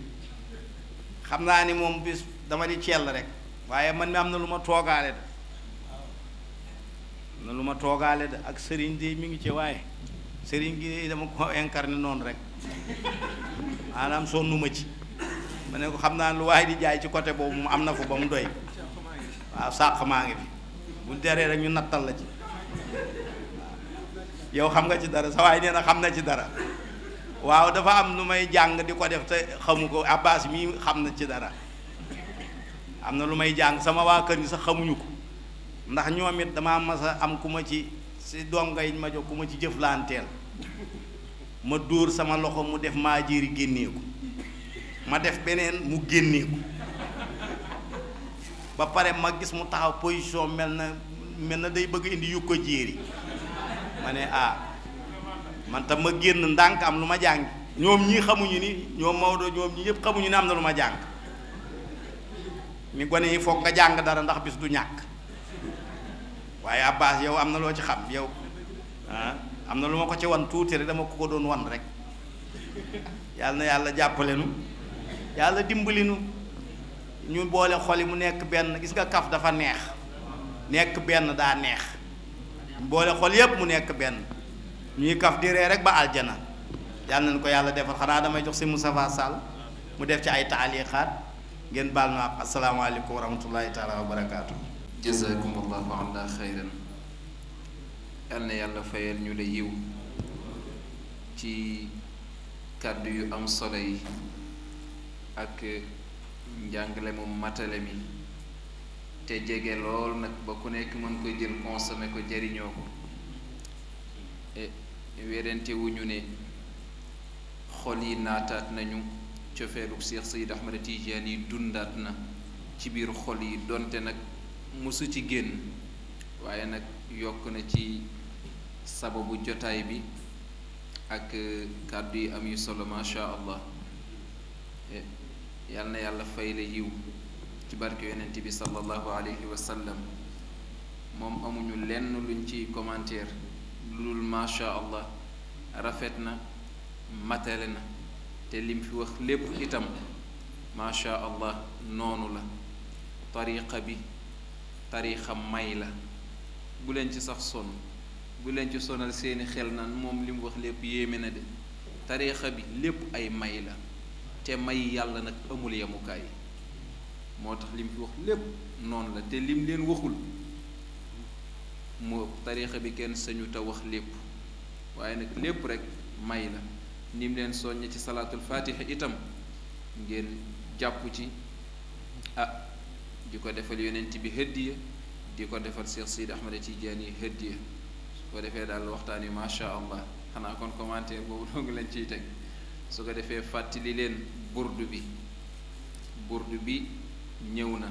xam naa ni moom bis dama di cell rek waaye man mi am na lu ma toogaale da lu ma toogaale da ak sëriñ de mu ngi ci waaye sëriñ gi dama ko incarné noonu rek maanaam sonnuma ci ma ne ko xam naa lu waaye di jaay ci côté boobu mu am na fu ba mu doy waaw sàq maa ngi fi bu deree rek ñu nattal la ci yow xam nga ci dara sa waay nee na xam na ci dara waaw dafa am nu may jàng di ko def te xamu ko Abbas mii xam na ci dara am lu may jang sama wa keur ni sax xamuñu ko ndax ñoomit dama damaa sa am kuma ci ci dom donga ma jox kuma ci ma sama loxo mu def maa penen génnee ma def benen mu génnee ba pare ma gis mu taxaw position melna melna day bëgg indi yu ko jiri mané ah man tam ma genn ndank am luma jang ñom ñi xamuñu ni ñom mawdo ñom ñi yëpp xamuñu ni am na jang ni gone yi foog nga jàng dara ndax bis du ñàkk waaye Abbas yow am na loo ci xam yow ah, am na lu ma ko ci wan tuuti rek dama ko ko doon wan rek yàlla na yàlla jàppale nu yàlla dimbali nu ñu boole xol yi mu nekk benn gis nga kaf dafa neex nekk benn daa neex boole xol yépp mu nekk benn ñuy kaf di ree rek ba aljana yàlla nañ ko yàlla defal xanaa damay jox si Moustapha Sall mu def ci ay taaliqaat ngeen baal ma ak asalaamaaleykum wa rahmatullahi taala wa barakaatu. jazakumullahu anna xayran yal na yàlla fayal ñu la yiw ci kàddu yu am solo yi ak njàngale mu matale mi te jege lool nag ba ku nekk mën ko jël consommé ko jariñoo ko e, werante wuñu ne xol yi naataat nañu cofeelu Seex Seydi Ahmada Tijaan yi dundaat na ci biir xol yi donte nag mësu ci génn waaye nag yokk na ci sababu jotaay bi ak kàddu yi am yu solo macha allah yal na yàlla fay la yiw ci barke yonent bi sallallahu alayhi wa sallam moom amuñu lenn luñ ci commentaire lu dul allah rafet na matale na te lim fi wax lépp itam macha allah noonu la tariqa bi tariqa may la bu leen ci sax sonn bu leen ci sonal seeni xel naan moom li wax lépp yéeme na de tariqa bi lépp ay may la te may yàlla nag amul yemukaay moo tax lim fi wax lépp noonu la te lim leen waxul moo tariqa bi kenn sañu te wax lépp waaye nag lépp rek may la nim leen soññe ci salaatul fatiha itam ngeen jàpp ci ah di ko defal yonent bi hëddiya di ko defal Cheikh Sidi Ahmad Tidiane hëddiya su ko defee daal waxtaan wi macha allah xanaa kon commentaire boobu dong lañ ciy teg su ko defee fàttali leen burdu bi burdu bi ñëw na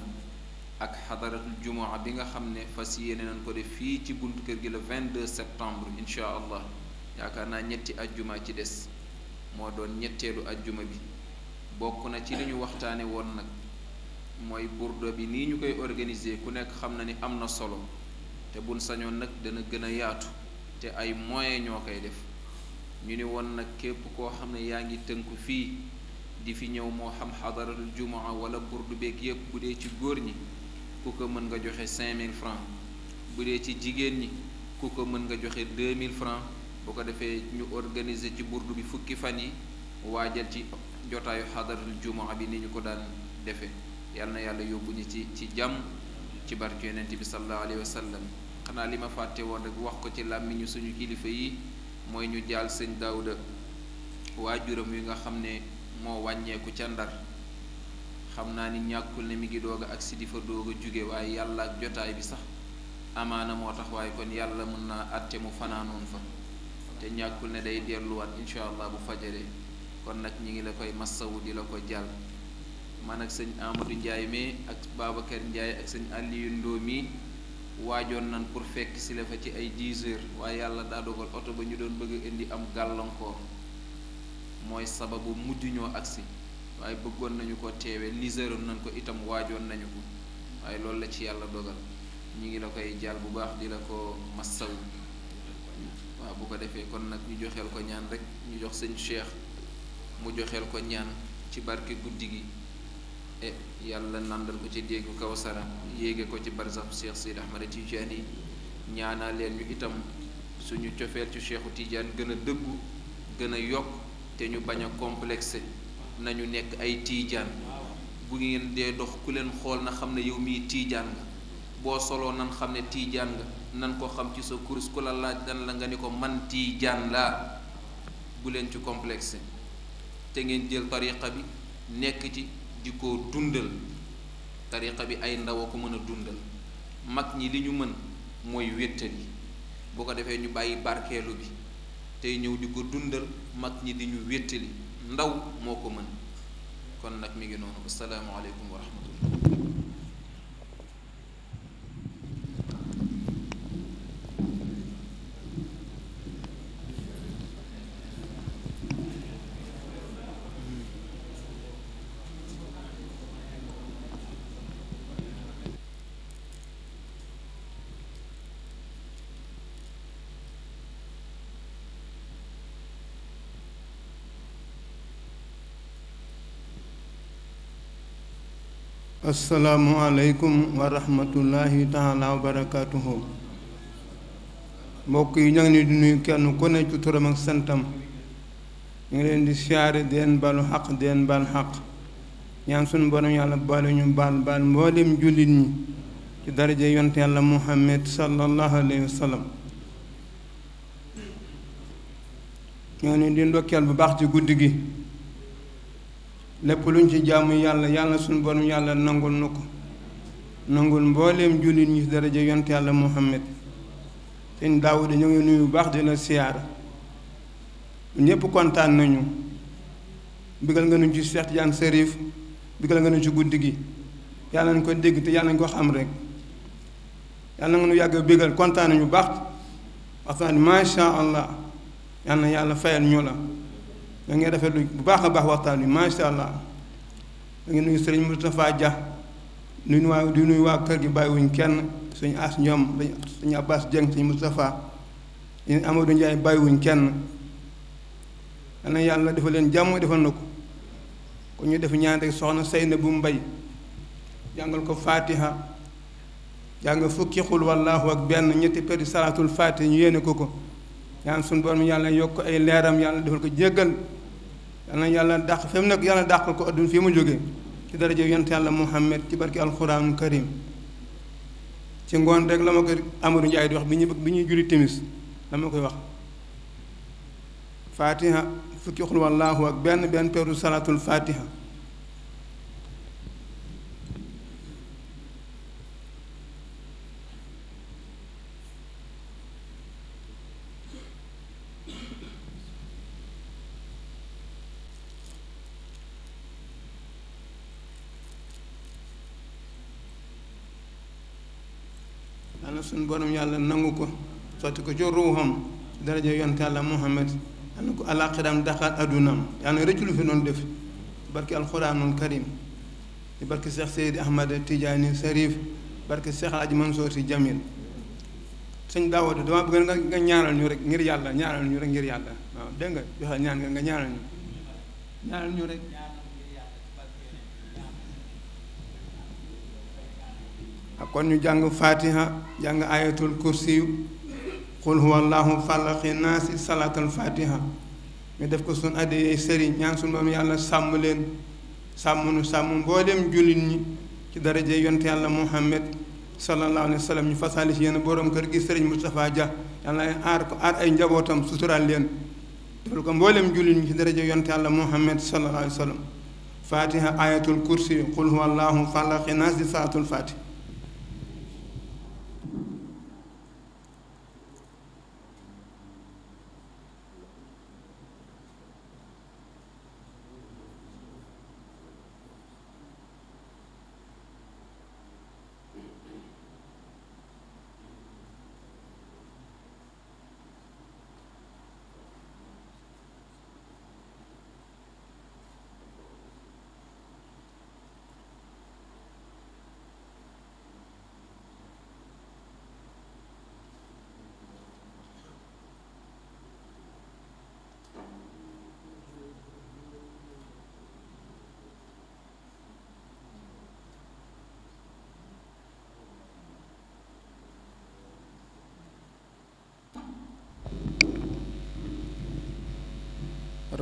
ak xadaratul jumaa bi nga xam ne fas yéene nañ ko def fii ci buntu kër gi le 22 septembre incha allah yaakaar naa ñetti ajjuma ci des moo doon ñetteelu ajjuma bi bokk na ci li ñu waxtaane woon nag mooy burdo bi nii ñu koy organiser ku nekk xam na ni am na solo te bun sañoon nag dana gën a yaatu te ay moyens ñoo koy def ñu ni woon nag képp koo xam ne yaa ngi tënku fii di fi ñëw moo xam xadaratul jumaa wala burdu beeg yépp bu dee ci góor ñi ku ko mën nga joxe 5000 francs bu dee ci jigéen ñi ku ko mën nga joxe 2000 francs boo ko defee ñu organiser ci burdu bi fukki fan yi waajal ci jotaayu xadaratul jumaa bi ni ñu ko daan defe yàlla yàlla yóbbu ñu ci ci jàmm ci barke yonent bi sallallahu alayhi wa xanaa li ma fàtte woon rek wax ko ci làmmiñu suñu kilifa yi mooy ñu jaal sëñ waa waajuram yi nga xam ne moo wàññeeku ca ndar xam naa ni ñàkkul ne mi ngi doog ak si di fa doog jóge waaye yàlla ak jotaay bi sax amaana moo tax waaye kon yàlla mën naa àtte mu fanaanoon fa te ñàkkul ne day delluwaat incha allah bu fajaree kon nag ñi ngi la koy massawu di la ko jàll man ak sëñ Amadou njaay mi ak Babacar Ndiaye ak sëñ Aliou Ndoo mi waajoon nan pour fekk si la ci ay 10 heures waaye yàlla daa dogal oto ba ñu doon bëgg indi am gàllankoor mooy sababu mujj ñoo agsi waaye bëggoon nañu ko teewee liseeroon nañ ko itam waajoon nañu ko waaye loolu la ci yàlla dogal ñi ngi la koy jàll bu baax di la ko massawu waaw bu ko defee kon nag ñu joxeel ko ñaan rek ñu jox sëñ Cheikh mu joxeel ko ñaan ci barke guddi gi e yàlla nandal ko ci déggu kawsara yéege ko ci barsax Cheikh Sidi Ahmada Tijaani ñaanaa leen ñu itam suñu cofeel ci Cheikhu Tidiane gën a dëggu gën a yokk te ñu bañ a complexé nañu nekk ay Tidiane bu ngeen dee dox ku leen xool na xam ne yow mii Tidiane nga boo soloo nan xam ne tiijaan nga nan ko xam ci sa kurus ku la laaj dan la nga ne ko man tiijaan laa bu leen ci complexe te ngeen jël tariqa bi nekk ci di ko dundal tariqa bi ay ndaw a ko mën a dundal mag ñi li ñu mën mooy wéttali boo ko defee ñu bàyyi barkeelu bi tey ñëw di ko dundal mag ñi di ñu wéttali ndaw moo ko mën kon nag mi ngi noonu asalaamaaleykum wa rahmatullah asalaamualeykum wa rahmatullahi taala wa barakaatuhu mbokk yi ña ngi di nuyu kenn ku ne ci turam ak santam ñu leen di siyaare deen balu xaq deen bal xaq ñaan sunu borom yàlla balu ñu baal baal mboolem jullit ñi ci daraje yonte yàlla muhammad sallallahu alayhi wa sallam ñoo ne di ndokkeel bu baax ci guddi gi lépp lu luñ ci jàmm yàlla yàlla suñu borom yàlla nangul nu ko nangul mbooleem jullit ñi daraja yonte yàlla muhammad sëñ Daawuda ñu ngi nuyu baax dina la siyaara ñëpp kontaan nañu bigal nga nu ci Seex Tijaan Sërif bigal nga nu ci guddi gi yàlla nañ ko dégg te yàlla nañ ko xam rek yàlla nga nu yàgg bigal kontaan nañu baax parce que macha allah yàlla na yàlla fayal ñu la da ngay rafetlu bu baax a baax waxtaan wi macha allah da ngay nuyu sëriñ Moustapha Dia nuyu waa di nuyu waa kër gi bàyyiwuñ kenn suñu as ñoom suñu Abbas Dieng suñu Moustapha di Amadou Ndiaye bàyyiwuñ kenn ana yàlla defal leen jàmm defal na ko kon ñu def ñaan rek soxna Seyna bu Mbay jàngal ko Fatiha jàng fukki xul wallaahu ak benn ñetti peri salaatul Fatiha ñu yéene ko ko. ñaan suñu borom yàlla yokk ay leeram yàlla defal ko jéggal yàlla yàlla dàq fi mu nekk yàlla dàqal ko adduna fii mu jógee ci daraja yonent yàlla Muhammad ci barki alxuraanu karim ci ngoon rek la ma ko Amadou Ndiaye di wax bi ñuy bi ñuy julli timis la ma koy wax fatiha fukki xul wallaahu ak benn benn peeru salaatul fatiha na suñ borom yàlla nangu ko sotti ko ci ruuxam daraja yonte yàlla Muhammad yal na ko alaaxiram daxaat addunaam yàlla na rëccu lu fi doon def barki alxuraanul karim di barki Cheikh Seydi Ahmad Tidiane Sarif barki Cheikh Aji Mansour si Jamil sëñ Daawuda dama bëgg nga ñaanal ñu rek ngir yàlla ñaanal ñu rek ngir yàlla waaw dégg joxe ñaan nga ñaanal ñu ñaanal ñu rek kon ñu jàng fatiha jàng ayatul kursi qul huwa allahu falaqi naasi salaatal fatiha ñu def ko suñ addiyee sëriñ ñaan suñ moom yàlla sàmm leen sàmm nu sàmm mboolem jullit ñi ci daraje yont yàlla muhammad sallallahu alayhi wasallam ñu fasali ci yéen borom kër gi sëriñ Moustapha Dia yàlla ay aar ko aar ay njabootam sutural leen defal ko mboolem jullit ñi ci daraje yont yàlla muhammad sallallahu alayhi wasallam fatiha ayatul kursi qul huwa allahu falaqi naasi salaatul fatiha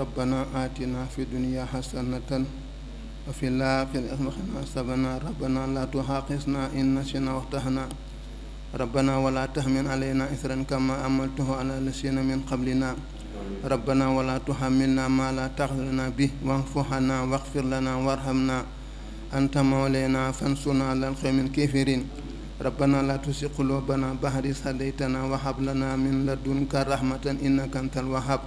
ربنا آتنا في الدنيا حسنة وفي الآخرة حسنة ربنا ربنا لا تحاقصنا إن نسينا واختهنا ربنا ولا تحمل علينا إثرا كما أملته على لسينا من قبلنا ربنا ولا تحملنا ما لا تقدرنا به واعف عنا واغفر لنا وارحمنا أنت مولانا فانصرنا على القوم الكافرين ربنا لا تزغ قلوبنا بعد إذ هديتنا وهب لنا من لدنك رحمة إنك أنت الوهاب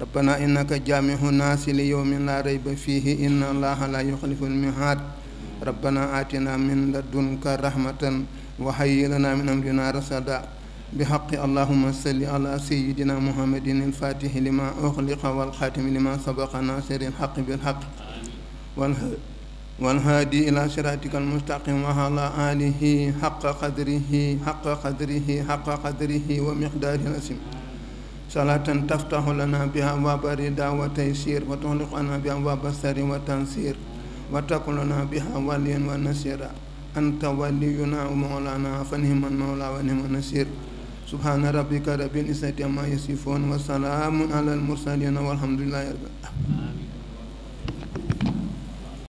ربنا إنك جامع الناس ليوم لا ريب فيه إن الله لا يخلف الميعاد ربنا آتنا من لدنك رحمة وهيئ لنا من أمرنا رشدا بحق اللهم صل على سيدنا محمد الفاتح لما أغلق والخاتم لما سبق ناصر الحق بالحق والهادي إلى صراطك المستقيم وعلى آله حق قدره حق قدره حق قدره ومقداره الأسم صلاة تفتح لنا بها أبواب الرضا والتيسير وتغلق لنا بها أبواب الثري والتنصير وتكن لنا بها وليا ونسيرا أنت ولينا ومولانا فنهم المولى ونهم النسير سبحان ربك رب العزة عما يصفون وسلام على المرسلين والحمد لله رب العالمين